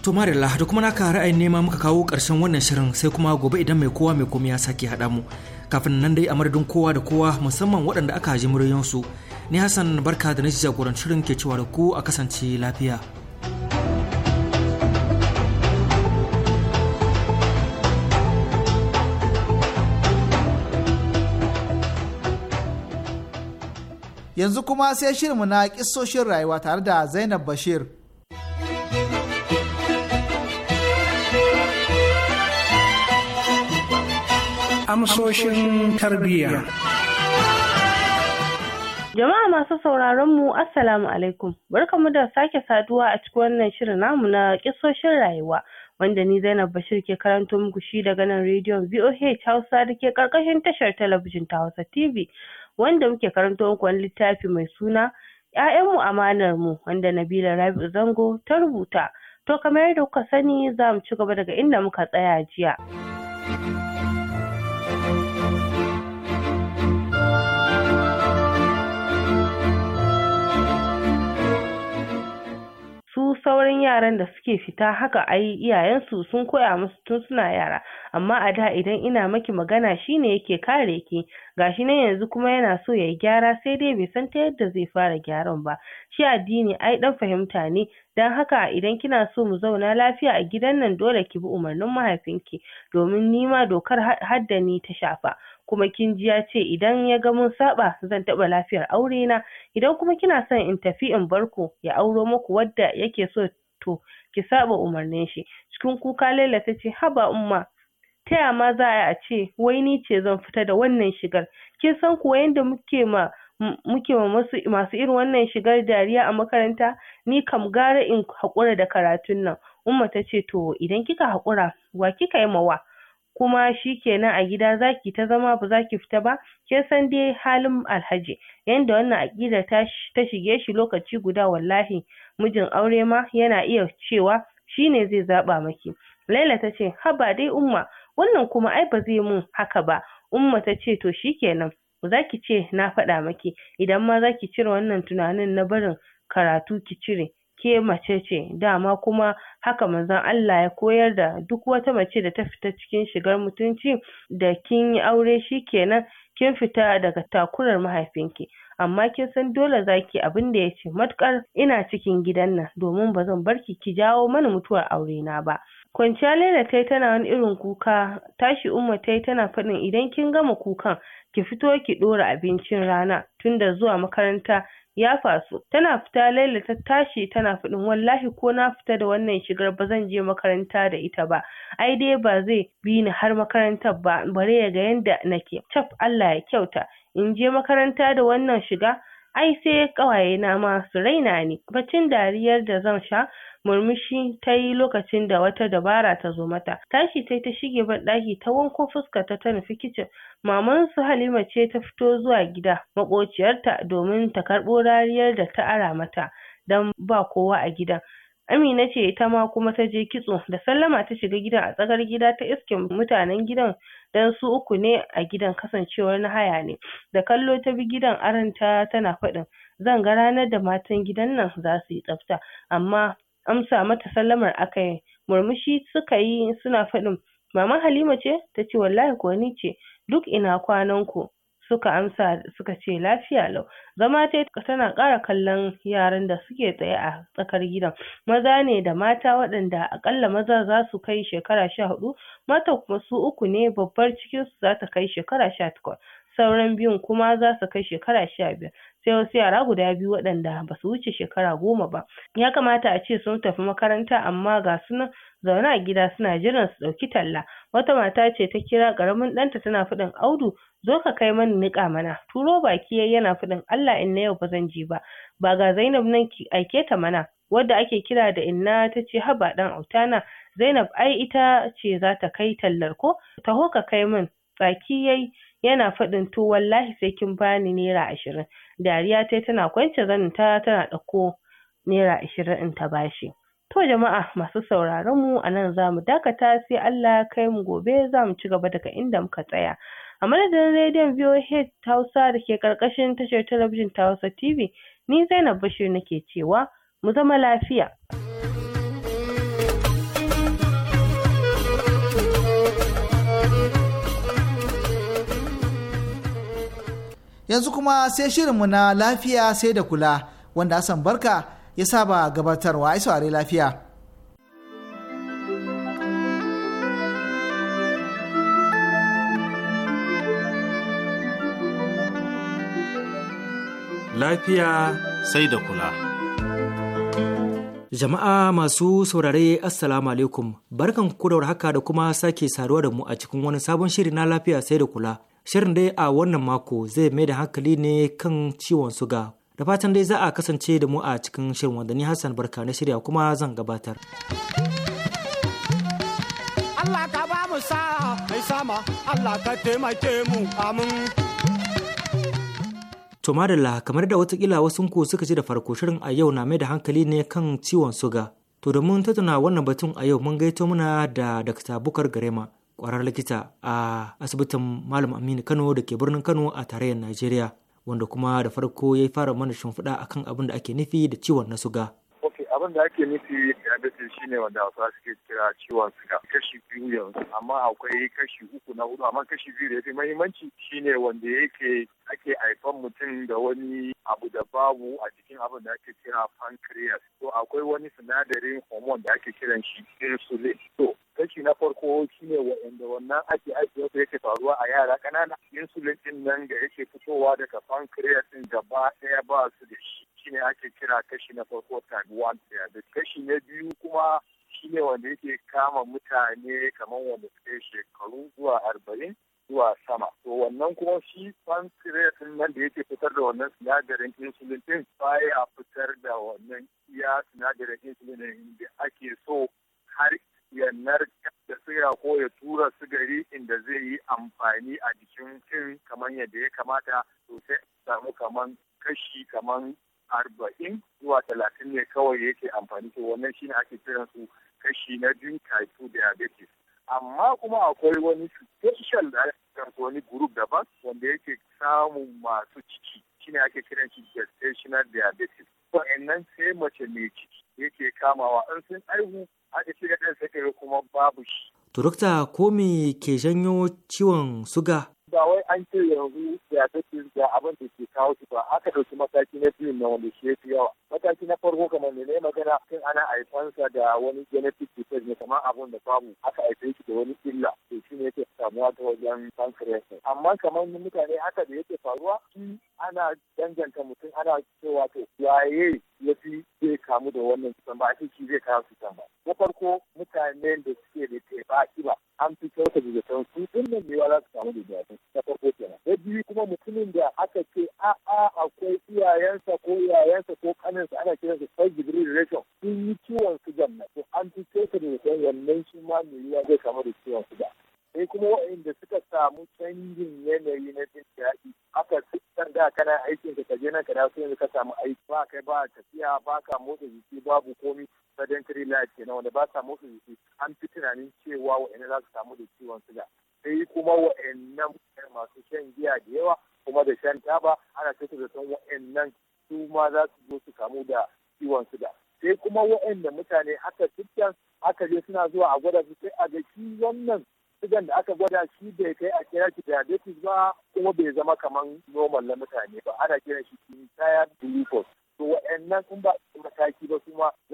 To Marilla, da kuma naka ra'ayin nema muka kawo karshen wannan shirin sai kuma gobe idan mai kowa mai komai ya sake haɗa mu. Kafin nan dai a madadin kowa da kowa musamman waɗanda aka ji muryoyinsu. Ni Hassan barka da nishi jagorancin shirin ke cewa da ku a kasance lafiya. yanzu kuma sai shirinmu na kisoshin rayuwa tare da zainab bashir amsoshin tarbiyya jama'a masu sauraron mu assalamu alaikum barkamu da sake saduwa a cikin wannan shirin namu na kisoshin rayuwa wanda ni Zainab Bashir ke karanto muku shi daga nan rediyon VOH Hausa da ke karkashin tashar talabijin ta Hausa TV. wanda muke karanto muku wani littafi mai suna ‘Ya'yanmu amanar mu wanda Nabila Rabi'u Zango ta rubuta. To kamar yadda kuka sani za mu ci gaba daga inda muka tsaya jiya. sauran yaran da suke fita haka ai iyayensu sun koya musu tun suna yara amma a da idan ina maki magana shine yake kare ki gashi nan yanzu kuma yana so yayi gyara sai dai bai san ta yadda zai fara gyaran ba shi addini ai dan fahimta ne dan haka idan kina so mu zauna lafiya a gidan nan dole ki bi umarnin mahaifinki domin nima dokar hadda ni ta shafa kuma kin ji ya ce idan ya ga mun saɓa, zan taɓa lafiyar aure na idan kuma kina son in tafi in bar ku ya auro muku wadda yake so to ki saba umarnin shi cikin kuka Laila ta ce haba umma taya ma za a ce wai ni ce zan fita da wannan shigar kin san kuwa yadda muke ma muke ma masu masu irin wannan shigar dariya a makaranta ni kam gara in haƙura da karatun nan umma ta ce to idan kika haƙura wa kika yi mawa kuma shikenan a gida zaki ta zama ba zaki fita ba kin san dai halin Alhaji yanda wannan aƙidar ta shige shi lokaci guda wallahi mijin aure ma yana iya cewa shine zai zaɓa maki Laila tace haba dai Umma wannan kuma ai ba zai mun haka ba Umma tace to shikenan zaki ce na faɗa maki idan ma zaki cire wannan tunanin na barin karatu ki cire ke mace ce dama kuma haka manzon Allah ya koyar da duk wata mace da ta fita cikin shigar mutunci da kin yi aure kenan kin fita daga takurar mahaifinki amma kin san dole zaki abin da ce matukar ina cikin gidan nan domin ba zan barki ki jawo mana mutuwar aure na ba kwanciya Laila tayi tana wani irin kuka tashi Umma tayi tana faɗin idan kin gama kukan ki fito ki ɗora abincin rana tunda zuwa makaranta ya faso tana fita Laila ta tashi tana faɗin wallahi ko na fita da wannan shigar ba zan je makaranta da ita ba ai dai ba zai bi ni har makarantar ba bare ya ga yanda nake cap Allah ya kyauta in je makaranta da wannan shiga ai sai ƙawaye na ma su raina ni baccin dariyar da zan sha murmushi ta yi lokacin da wata dabara ta zo mata tashi tai ta shige banɗaki ta wanko fuskarta ta nufi kicin maman su Halima ce ta fito zuwa gida maƙociyarta domin ta karɓo rariyar da ta ara mata don ba kowa a gidan Amina ce ita ma kuma ta je kitso da sallama ta shiga gidan a tsakar gida ta iske mutanen gidan dan su uku ne a gidan kasancewar na haya ne da kallo ta bi gidan aranta tana faɗin zan ga ranar da matan gidan nan za su yi tsafta amma amsa mata sallamar aka yi murmushi suka yi suna faɗin maman Halima ce Ta ce, wallahi kuwa ni ce duk ina kwanan ku suka amsa suka ce lafiya lau zama tai tana ƙara kallon yaran da suke tsaye a tsakar gidan maza ne da mata waɗanda aƙalla maza za su kai shekara sha huɗu mata kuma su uku ne babbar cikin su za ta kai shekara sha takwas sauran biyun kuma za su kai shekara sha biyar sai wasu yara guda biyu waɗanda ba su wuce shekara goma ba ya kamata a ce sun tafi makaranta amma ga su nan zaune a gida suna jiran su ɗauki talla wata mata ce ta kira ƙaramin ɗanta tana faɗin audu zo ka kai mani niƙa mana turo baki yayi yana faɗin allah in na yau ba zan je ba ba ga zainab nan ki aike ta mana wadda ake kira da inna ta ce haba ɗan autana zainab ai ita ce za ta kai tallar ko taho ka kai min tsaki yayi yana faɗin to wallahi sai kin bani naira ashirin dariya tai tana kwance zanin ta tana ɗauko naira ashirin in ta bashi to jama'a masu sauraron mu a nan za mu dakata sai Allah kai mu gobe za mu ci gaba daga inda muka tsaya a madadin rediyon VOH Hausa da ke karkashin tashar talabijin ta Hausa TV ni Zainab Bashir nake cewa mu zama lafiya. yanzu kuma sai shirinmu na lafiya sai da kula wanda Hassan Barka ya saba gabatarwa ai saurari lafiya. Lafiya sai da kula. Jama'a masu saurare Assalamu alaikum, barkan kudawar haka da kuma sake saruwa da mu a cikin wani sabon shiri na lafiya sai da kula. Shirin dai a wannan mako zai mai da hankali ne kan ciwon suga. Da fatan dai za a kasance da mu a cikin shirin wanda ni Hassan Barka na shirya kuma zan gabatar. Allah ka ba mu sa'a mai sama Allah ka taimake mu amin. To madalla kamar da watakila wasu ku suka ji da farko shirin a yau na mai da hankali ne kan ciwon suga. To da mun tattauna wannan batun a yau mun gaito muna da Dr. Bukar Garema. kwarar likita a asibitin malam aminu kano da ke birnin kano a tarayyar najeriya wanda kuma da farko ya fara mana shimfiɗa kan abin da ake nufi da ciwon na suga abin da ake nufi ya shi shine wanda wasu suke kira ciwon suga kashi biyu yanzu amma akwai kashi uku na hudu amma kashi biyu da ya fi mahimmanci shine wanda yake ake haifan mutum da wani abu da babu a cikin abin da ake kira pancreas to akwai wani sinadarin hormone da ake kiran shi insulin to kashi na farko shine wanda wannan ake ajiye su yake faruwa a yara kanana insulin din nan da yake fitowa daga pancreas din gaba ɗaya ba su da shi shine ake kira kashi na farko type 1 diabetes kashi na biyu kuma shine wanda yake kama mutane kamar wanda suke shekaru zuwa arba'in zuwa sama to wannan kuma shi pancreas nan da yake fitar da wannan sinadarin insulin din baya fitar da wannan iya sinadarin insulin da ake so har ya narka da siga ko ya tura sigari inda zai yi amfani a jikin cin kamar yadda ya kamata to sai samu kamar kashi kamar arba'in zuwa talatin ne kawai yake amfani to wannan shine ake kiran su kashi na jin type diabetes amma kuma akwai wani special da wani group daban wanda yake samun masu ciki shine ake kiran shi gestational diabetes wa'annan sai mace mai ciki yake kamawa an sun aihu aka shiga ɗan sai kuma babu shi. Turukta ko me ke janyo ciwon suga? Ba wai an ce yanzu diabetes da abin da ke kawo shi ba aka ɗauki mataki na biyu na wanda shi ya fi yawa. mataki na farko kamar ne magana tun ana haifansa da wani genetic disease ne kamar abun da babu aka haife shi da wani illa to shi ne yake samuwa ta wajen pancreas amma kamar mutane haka da yake faruwa shi ana danganta mutum ana cewa to yaye ya fi zai kamu da wannan cutan ba a shi zai kawo cutan ba na farko mutanen da suke da teɓa kiba an fi da zaton su din nan ne za su samu da zaton ta farko kenan na biyu kuma mutumin da aka ce a'a akwai iyayensa ko iyayensa ko kaninsa ana su first degree relation sun yi ciwon sugan na to an fi da zaton wannan shi ma mai yiwa zai samu da ciwon da sai kuma waɗanda suka samu canjin yanayi na jin daɗi aka sitar da kana aikin ka je nan ka dawo yanzu ka samu aiki ba kai ba tafiya ba ka motsa jiki babu komi sedentary life kenan wanda ba sa motsa jiki an fi tunanin cewa wa'annan za su samu da ciwon suga sai kuma wa'annan masu shan giya da yawa kuma da shan taba ana kyautar da san wa'annan su ma za su zo su kamu da ciwon suga sai kuma wa'anda mutane haka cikin aka je suna zuwa a gwada su sai a ga shi wannan sigan da aka gwada shi bai kai a kira shi diabetes ba kuma bai zama kamar normal na mutane ba ana kiran shi tired glucose to wa'annan sun ba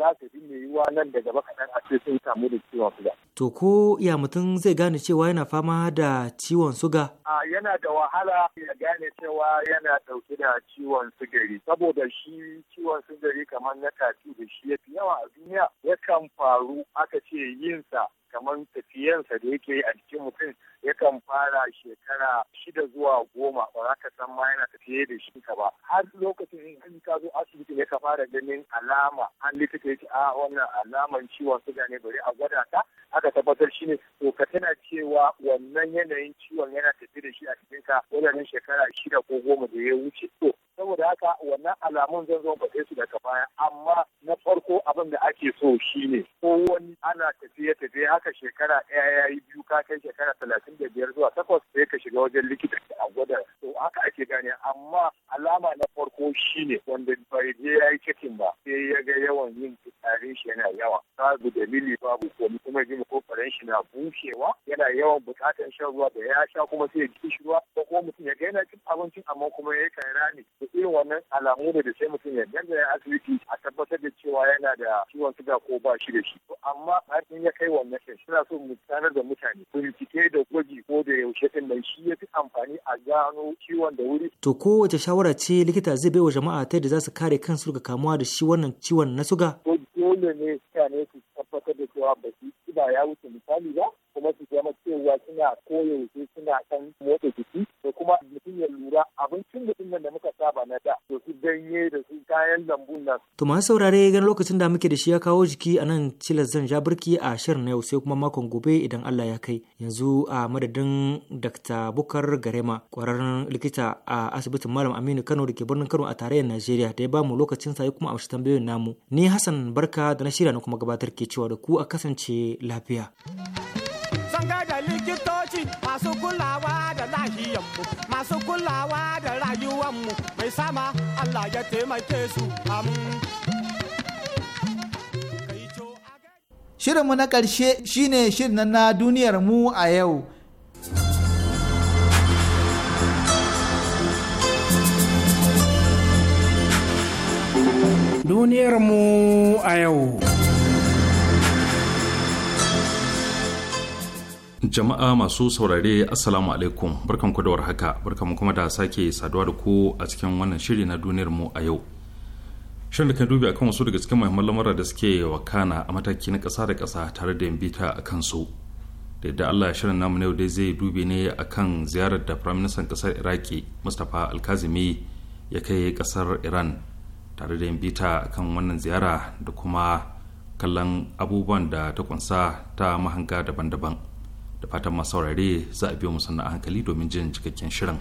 akasi mai yiwuwa nan da gaba kaɗan a ce sun kamu da ciwon suga. To ko ya mutum zai gane cewa yana fama da ciwon suga? A yana da wahala ya gane cewa yana ɗauke da ciwon sugari saboda shi ciwon sugari kamar na tafi da shi ya fi yawa a duniya yakan faru aka ce yinsa kamar tafiyansa da yake a jikin mutum yakan fara shekara shida zuwa goma ba za ka san ma yana tafiye da shi ka ba har lokacin in ka zo asibiti ne ka fara ganin alama an likita yake a ah, wannan alaman ciwon suga ne bari a gwada ta aka tabbatar shi ne to ka tana cewa wannan yanayin ciwon yana tafi da shi a cikin ka wadannan shekara shida ko goma da ya wuce to saboda haka wannan alamun zan zo faɗe su daga baya amma na farko abin da ake so shine ko wani ana tafiye tafiye haka shekara ɗaya ya yi biyu ka kai shekara talatin da biyar zuwa takwas sai ka shiga wajen likita a gwada to haka ake gane amma alama na farko shi ne. wanda bai je ya yi cikin ba sai ya ga yawan yin fitsarin shi yana yawa babu dalili babu komai kuma ko farin shi na bushewa yana yawan bukatar shan ruwa da ya sha kuma sai ya ji shi ruwa ko kuma mutum ya ga yana cin abincin amma kuma ya kai rani to irin wannan alamu ne da sai mutum ya ya asibiti a tabbatar da cewa yana da ciwon suga ko ba shi da shi amma har in ya kai wannan din suna so mu sanar da mutane bincike da gwaji ko da yaushe din nan shi fi amfani a gano ciwon da wuri to kowace shawara ce likita zai bai wa jama'a ta yadda za su kare kansu daga kamuwa da shi wannan ciwon na suga Ko dole ne mutane su tabbatar da cewa ba su ya wuce misali ba cewa suna koyaushe suna kan motsa jiki da kuma mutum ya lura abincin mutum da muka saba na da to su ganye da su kayan lambun nan. To masu saurare gan lokacin da muke da shi ya kawo jiki a nan cila zan ja birki a shirin na yau sai kuma makon gobe idan Allah ya kai yanzu a madadin Dr. Bukar Garema kwararren likita a asibitin Malam Aminu Kano da ke birnin Kano a tarayyar Najeriya da ya ba mu lokacin sa ya kuma amshi tambayoyin namu. Ni Hassan Barka da na shirya na kuma gabatar ke cewa da ku a kasance lafiya. Zan da likitoci masu kulawa da lahiyanmu, masu kulawa da rayuwanmu mai sama Allah ya taimake su Shirinmu na ƙarshe shine shirin na duniyar mu a yau. Duniyar mu a yau. Jama'a masu saurare Assalamu alaikum ku da haka barkanku kuma da sake saduwa da ku a cikin wannan shiri na duniyar mu a yau. Shirin da kan dubi akan wasu daga cikin muhimman lamura da suke wakana a mataki na kasa da kasa tare da bita a kansu. Da yadda Allah shirin namu yau dai zai dubi ne akan ziyarar da Firaministan ƙasar Iraki Mustapha Alkazimi ya kai kasar Iran tare da bita akan wannan ziyara da kuma kallon abubuwan da ta kunsa ta mahanga daban-daban. da fatan masu saurare za a biyo mu sannan a hankali domin jin cikakken shirin.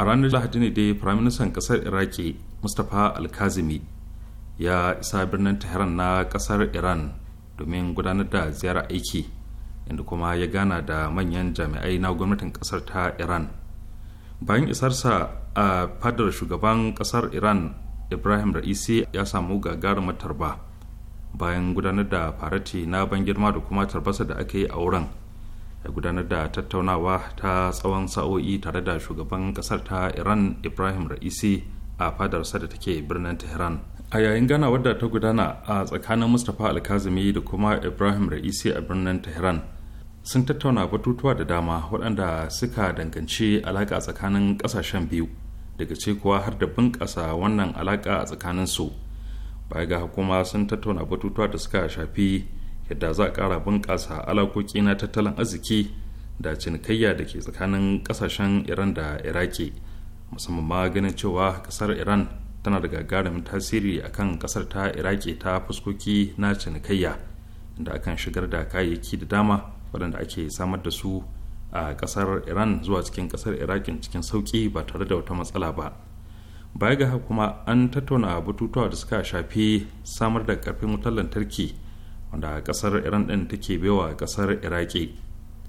a ranar lahadi ne dai firaministan kasar iraki mustapha alkazimi ya isa birnin tehran na kasar iran domin gudanar da ziyarar aiki inda kuma ya gana da manyan jami'ai na gwamnatin kasar ta iran bayan isarsa a fadar shugaban kasar iran ibrahim ra'isi ya samu gagarumar tarba bayan gudanar da farati na ban girma da kuma tarbasa da aka yi a wurin ya gudanar da tattaunawa ta tsawon sa'o'i tare da shugaban kasar ta iran ibrahim ra'isi a fadarsa da take birnin tehran a yayin gana wadda ta gudana a tsakanin mustapha alkazumi da kuma ibrahim ra'isi a birnin tehran sun tattauna batutuwa da dama waɗanda suka danganci alaƙa tsakanin ƙasashen biyu daga ce kuwa har da bunƙasa wannan alaƙa a tsakanin su baya ga kuma sun tattauna batutuwa da suka shafi yadda za a ƙara bunƙasa alaƙoƙi na tattalin arziki da cinikayya da ke tsakanin ƙasashen iran da iraki musamman ma ganin cewa ƙasar iran tana da gagarumin tasiri a kan kasar ta iraki ta fuskoki na cinikayya da akan shigar da kayayyaki da dama waɗanda ake samar da su a kasar iran zuwa cikin kasar irakin cikin sauki ba tare da wata matsala ba baya ga kuma an tattauna batutuwa da suka shafi samar da karfin wutar lantarki wanda kasar iran ɗin take baiwa kasar iraki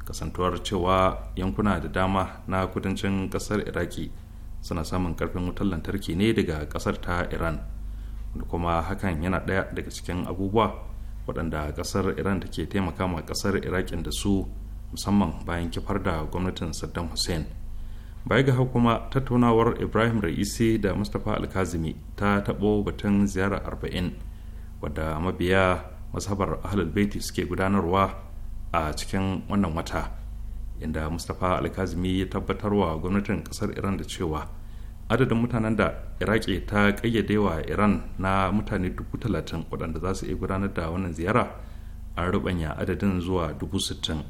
kasantuwar cewa yankuna da dama na kudancin kasar iraki suna samun karfin wutar lantarki ne daga kasar ta iran wanda kuma hakan yana ɗaya daga cikin abubuwa waɗanda ƙasar iran take taimaka ma kasar iraƙin da su musamman bayan kifar da gwamnatin saddam hussein baya ga kuma tattaunawar ibrahim ra'isi da mustapha alkazimi ta taɓo batun ziyara arba'in wadda mabiya mazhabar ahlul baiti suke gudanarwa a cikin wannan wata inda mustapha alkazimi ya tabbatar wa gwamnatin kasar iran da cewa adadin mutanen da iraki ta kayyade iran na mutane dubu talatin waɗanda za su iya gudanar da wannan ziyara an rubanya adadin zuwa dubu sittin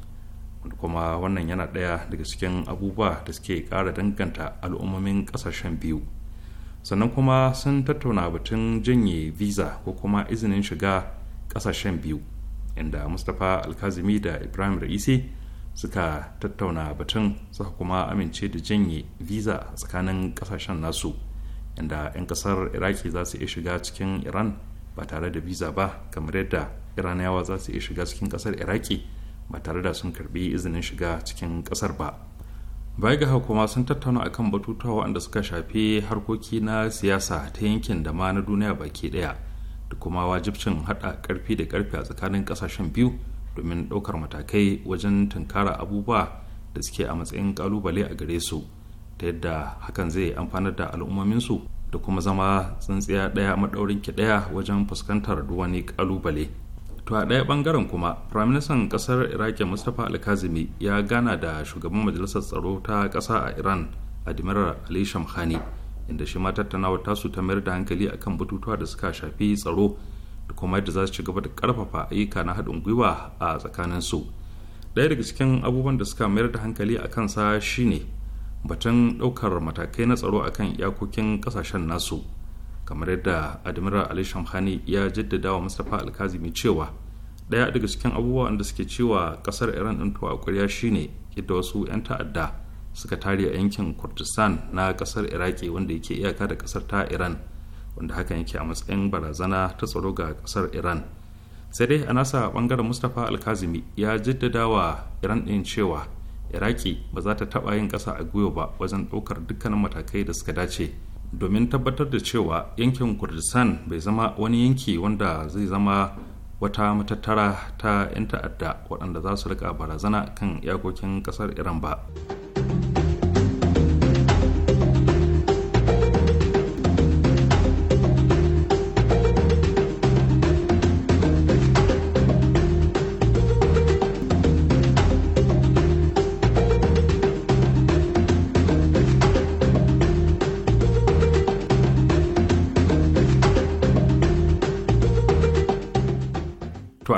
kuma wannan yana ɗaya daga cikin abubuwa da suke ƙara danganta al'ummomin ƙasashen biyu sannan kuma sun tattauna batun janye visa ko kuma izinin shiga ƙasashen biyu inda mustapha alkazimi da ibrahim ra'isi suka tattauna batun suka kuma amince da janye visa a tsakanin kasashen nasu inda 'yan kasar iraki za su iya shiga cikin iran ba tare da visa ba kamar yadda iraniyawa za su iya shiga cikin kasar iraki ba tare da sun karbi izinin shiga cikin kasar ba baya ga kuma sun tattauna akan batutuwa waɗanda suka shafi harkoki na siyasa ta yankin da ma na duniya baki ɗaya da kuma wajibcin haɗa ƙarfi da ƙarfi a tsakanin ƙasashen biyu domin ɗaukar matakai wajen tunkara abubuwa da suke a matsayin ƙalubale a gare su ta yadda hakan zai amfanar da al'ummominsu da kuma zama tsintsiya ɗaya maɗaurin ki ɗaya wajen fuskantar wani ƙalubale. to a ɗaya ɓangaren kuma firaministan ƙasar iraki mustapha alkazimi ya gana da shugaban majalisar tsaro ta ƙasa a iran admiral ali shamkhani inda shi ma tattaunawar tasu ta mayar da hankali akan batutuwa da suka shafi tsaro da kuma yadda za su ci gaba da karfafa ayyuka na haɗin gwiwa a tsakanin su ɗaya daga cikin abubuwan da suka mayar da hankali a kansa shine batun ɗaukar matakai na tsaro akan iyakokin ƙasashen nasu kamar yadda admiral ali shamhani ya jaddada wa mustapha alkazimi cewa ɗaya daga cikin abubuwan da suke cewa ƙasar iran ɗin tuwa ƙwarya shine yadda wasu 'yan ta'adda suka tare a yankin kurdistan na ƙasar iraki wanda yake iyaka da ƙasar ta iran wanda hakan yake a matsayin barazana ta tsaro ga kasar iran sai dai a nasa bangaren mustapha alkazimi ya jaddada wa iran din cewa iraki ba za ta taba yin kasa a gwiwa ba wajen daukar dukkanin matakai da suka dace domin tabbatar da cewa yankin kurdistan bai zama wani yanki wanda zai zama wata matattara ta 'yan ta'adda waɗanda za su rika barazana kan yakokin ƙasar iran ba.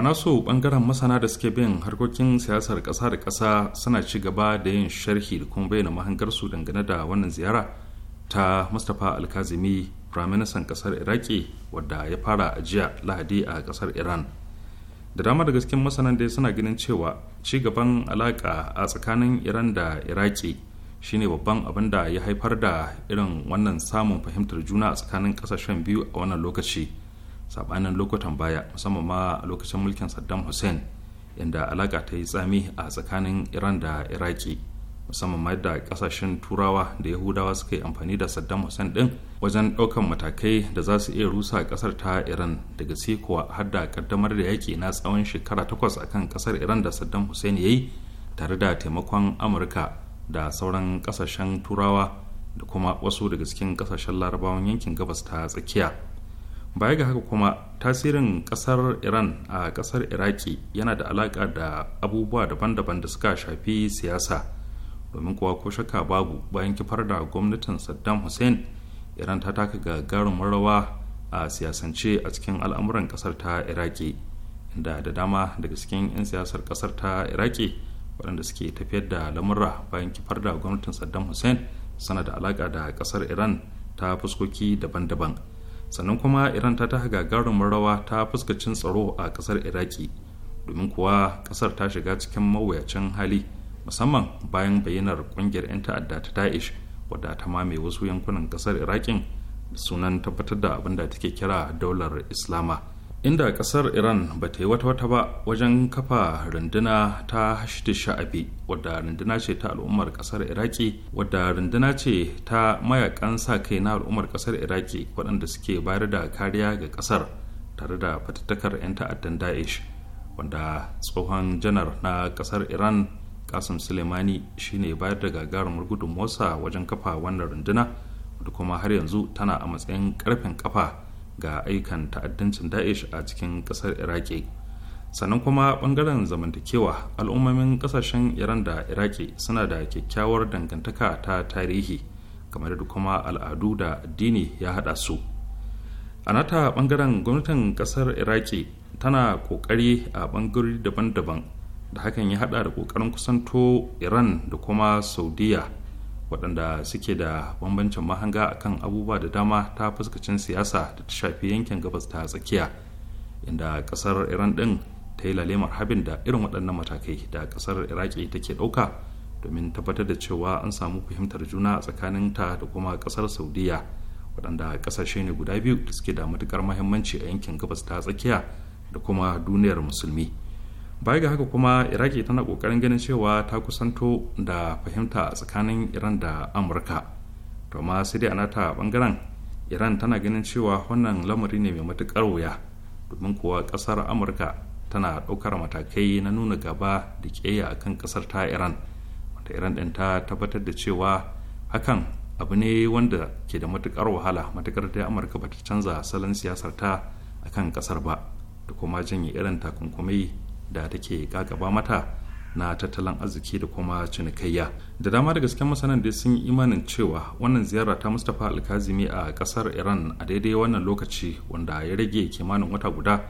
nasu bangaren masana da suke bin harkokin siyasar ƙasa da ƙasa suna ci gaba da yin sharhi da kuma bayyana mahangarsu dangane da wannan ziyara ta mustapha alkazimi firaministan ƙasar iraki wadda ya fara a jiya lahadi a ƙasar iran da dama da gaskin masanan dai suna ganin cewa ci gaban alaka a tsakanin iran da iraki shine babban abin da ya haifar da irin wannan samun fahimtar juna a tsakanin ƙasashen biyu a wannan lokaci sabanin lokutan baya musamman ma a lokacin mulkin saddam hussein inda alaka ta yi tsami a tsakanin iran da iraki musamman ma da kasashen turawa da yahudawa suka yi amfani da saddam hussein din wajen ɗaukan matakai da za su iya rusa kasar ta iran daga sai kuwa har da kaddamar da yaki na tsawon shekara takwas akan kasar iran da saddam hussein ya yi tare da taimakon amurka da sauran kasashen turawa da kuma wasu daga cikin kasashen larabawan yankin gabas ta tsakiya baya ga haka kuma tasirin kasar iran a kasar iraki yana da alaƙa da abubuwa daban-daban da suka shafi siyasa domin kuwa ko shakka babu bayan kifar da gwamnatin saddam hussein iran ta taka garin rawa a siyasance a cikin al'amuran kasar ta iraki inda da dama daga cikin 'yan siyasar kasar ta iraki waɗanda suke tafiyar da lamura bayan kifar da gwamnatin saddam hussein sana da alaƙa da kasar iran ta fuskoki daban-daban sannan kuma iran ta ta gagarumin rawa ta fuskacin tsaro a kasar iraki domin kuwa kasar ta shiga cikin mawuyacin hali musamman bayan bayyanar kungiyar 'yan ta'adda ta daesh wadda ta mame wasu yankunan kasar irakin sunan tabbatar da abin da take kira daular islama inda kasar iran ba ta yi wata wata ba wajen kafa runduna ta hashtu sha'abi wadda runduna ce ta al'ummar kasar iraki wadda runduna ce ta mayakan sa kai na al'ummar kasar iraki waɗanda suke bayar da kariya ga kasar tare da fatattakar 'yan ta'addan daesh wanda tsohon janar na kasar iran kasim suleimani shine bayar da gagarumar gudunmuwarsa wajen kafa wannan runduna wadda kuma har yanzu tana a matsayin karfin kafa ga aikan ta'addancin da'ish a cikin kasar iraki sannan kuma bangaren zamantakewa al'ummomin kasashen iran da iraki suna da kyakkyawar dangantaka ta tarihi kamar da kuma al'adu da addini ya hada su a nata bangaren gwamnatin kasar iraki tana kokari a bangarori daban-daban da hakan ya hada da kokarin kusanto iran da kuma saudiya waɗanda suke da bambancin mahanga kan abubuwa da dama ta fuskacin siyasa da ta shafi yankin gabas ta tsakiya inda ƙasar iran ɗin ta yi lalemar habin da irin waɗannan matakai da ƙasar iraki take ɗauka domin tabbatar da cewa an samu fahimtar juna a tsakanin ta da kuma ƙasar saudiya waɗanda ƙasashe ne guda biyu da suke da matuƙar mahimmanci a yankin gabas ta tsakiya da kuma duniyar musulmi baya ga haka kuma iraki tana kokarin ganin cewa ta kusanto da fahimta tsakanin iran da amurka to ma sai dai a nata bangaren iran tana ganin cewa wannan lamari ne mai matukar wuya domin kuwa ƙasar amurka tana ɗaukar matakai na nuna gaba da ƙeya akan kasar ta iran wanda iran ɗin ta tabbatar da cewa hakan abu ne wanda ke da matukar wahala matukar da amurka bata canza salon siyasar ta akan ƙasar ba da kuma janye irin takunkumai da take gagaba mata na tattalin arziki da kuma cinikayya da dama da gasken masanan da sun yi imanin cewa wannan ziyara ta mustapha alkazimi a kasar iran a daidai wannan lokaci wanda ya rage kimanin wata guda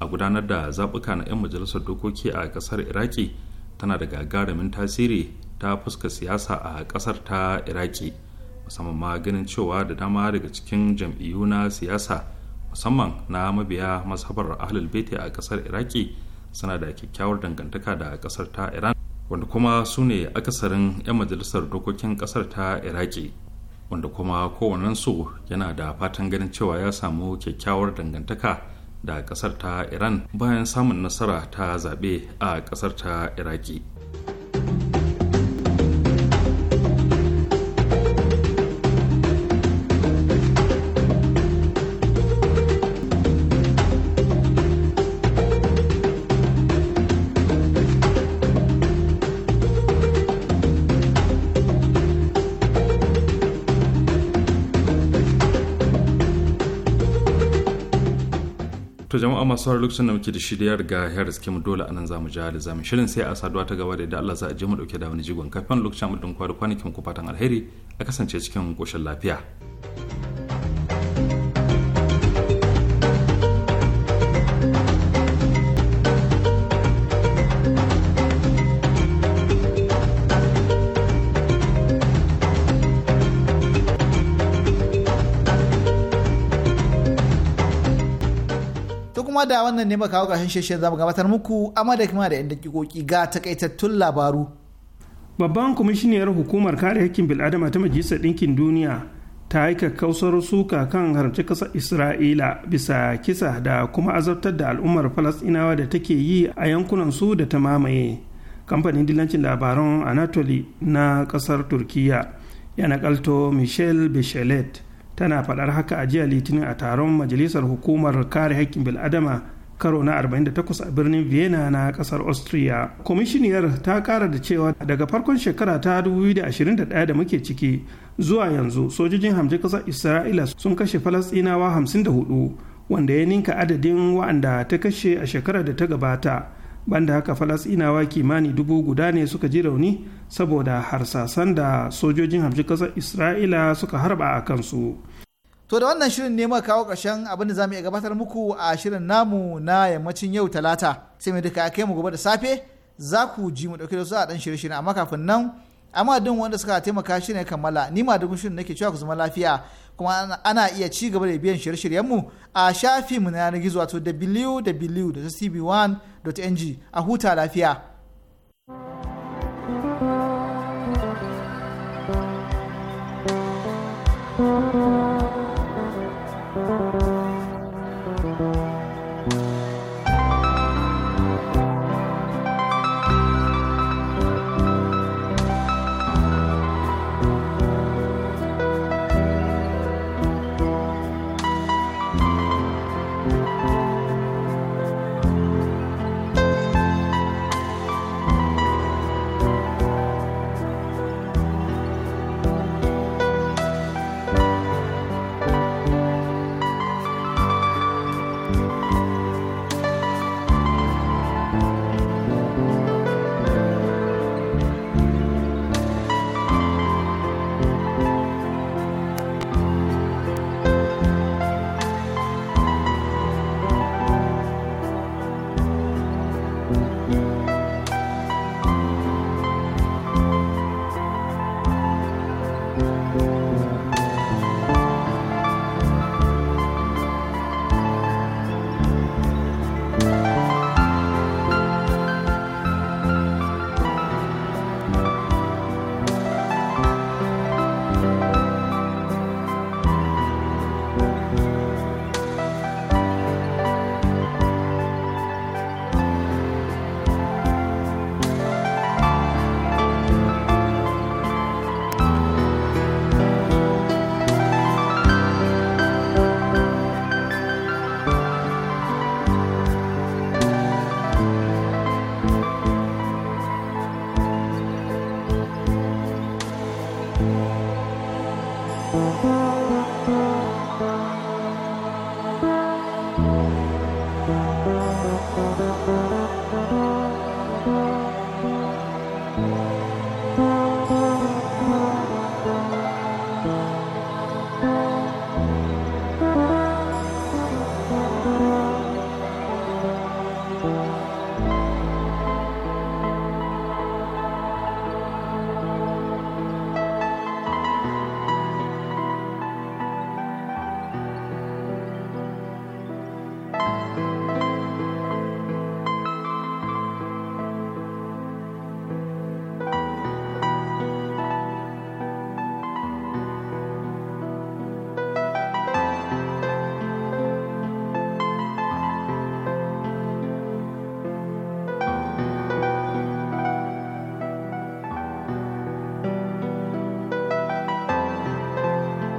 a gudanar da zaɓuka na 'yan majalisar dokoki a kasar iraki tana da gagarumin tasiri ta fuska siyasa a kasar ta iraki musamman ma ganin cewa da dama daga cikin jam'iyyu na siyasa musamman na mabiya masabar ahlul beti a kasar iraki suna da kyakkyawar dangantaka da kasar ta iran wanda kuma su ne akasarin 'yan majalisar dokokin kasar ta iraki wanda kuma kowannensu yana da fatan ganin cewa ya samu kyakkyawar dangantaka da kasar ta iran bayan samun nasara ta zaɓe a kasar ta iraki jama'a masu har lokacin da muke da shi da ya riga ya riske mu dole anan zamu ja da zamu shirin sai a saduwa ta gaba da Allah za a je mu dauke da wani jigon kafin lokacin mu dinkwa da kwanakin ku fatan alheri a kasance cikin koshin lafiya. kuma da wannan ne kawo ƙarshen shirin zamu gabatar muku amma da kuma da 'yan dakikoki ga takaitattun labaru. Babban kwamishiniyar hukumar kare hakkin bil'adama ta Majalisar Ɗinkin Duniya ta aika kausar suka kan haramci ƙasar Isra'ila bisa kisa da kuma azabtar da al'ummar Falasɗinawa da take yi a yankunan su da ta mamaye. Kamfanin dilancin labaran Anatoli na ƙasar Turkiya ya nakalto Michel Bachelet tana faɗar haka a jiya litinin a taron majalisar hukumar kare haƙƙin bil'adama karo na 48 a birnin vienna na ƙasar austria kwamishiniyar ta kara da cewa daga farkon shekara ta 2021 da muke ciki zuwa yanzu sojojin hamji kasar isra'ila sun kashe falasɗinawa 54 wanda ya ninka adadin wa'anda ta kashe a shekarar da ta gabata banda haka falasinawa kimani dubu guda ne suka ji rauni saboda harsasan da sojojin hamshi kasar isra'ila suka harba a kansu to da wannan shirin ne kawo ƙarshen abin da zamu mu iya gabatar muku a shirin namu na yammacin yau talata sai mai duka kai mu gobe da safe za ku ji mu dauke da su a dan shirye shirye amma kafin nan amma duk wanda suka taimaka shi ne kammala ni ma duk shirin nake cewa ku zama lafiya kuma ana iya ci gaba da biyan shirye-shiryenmu a shafinmu na yanar gizo wato wwwcb 1ng a huta lafiya.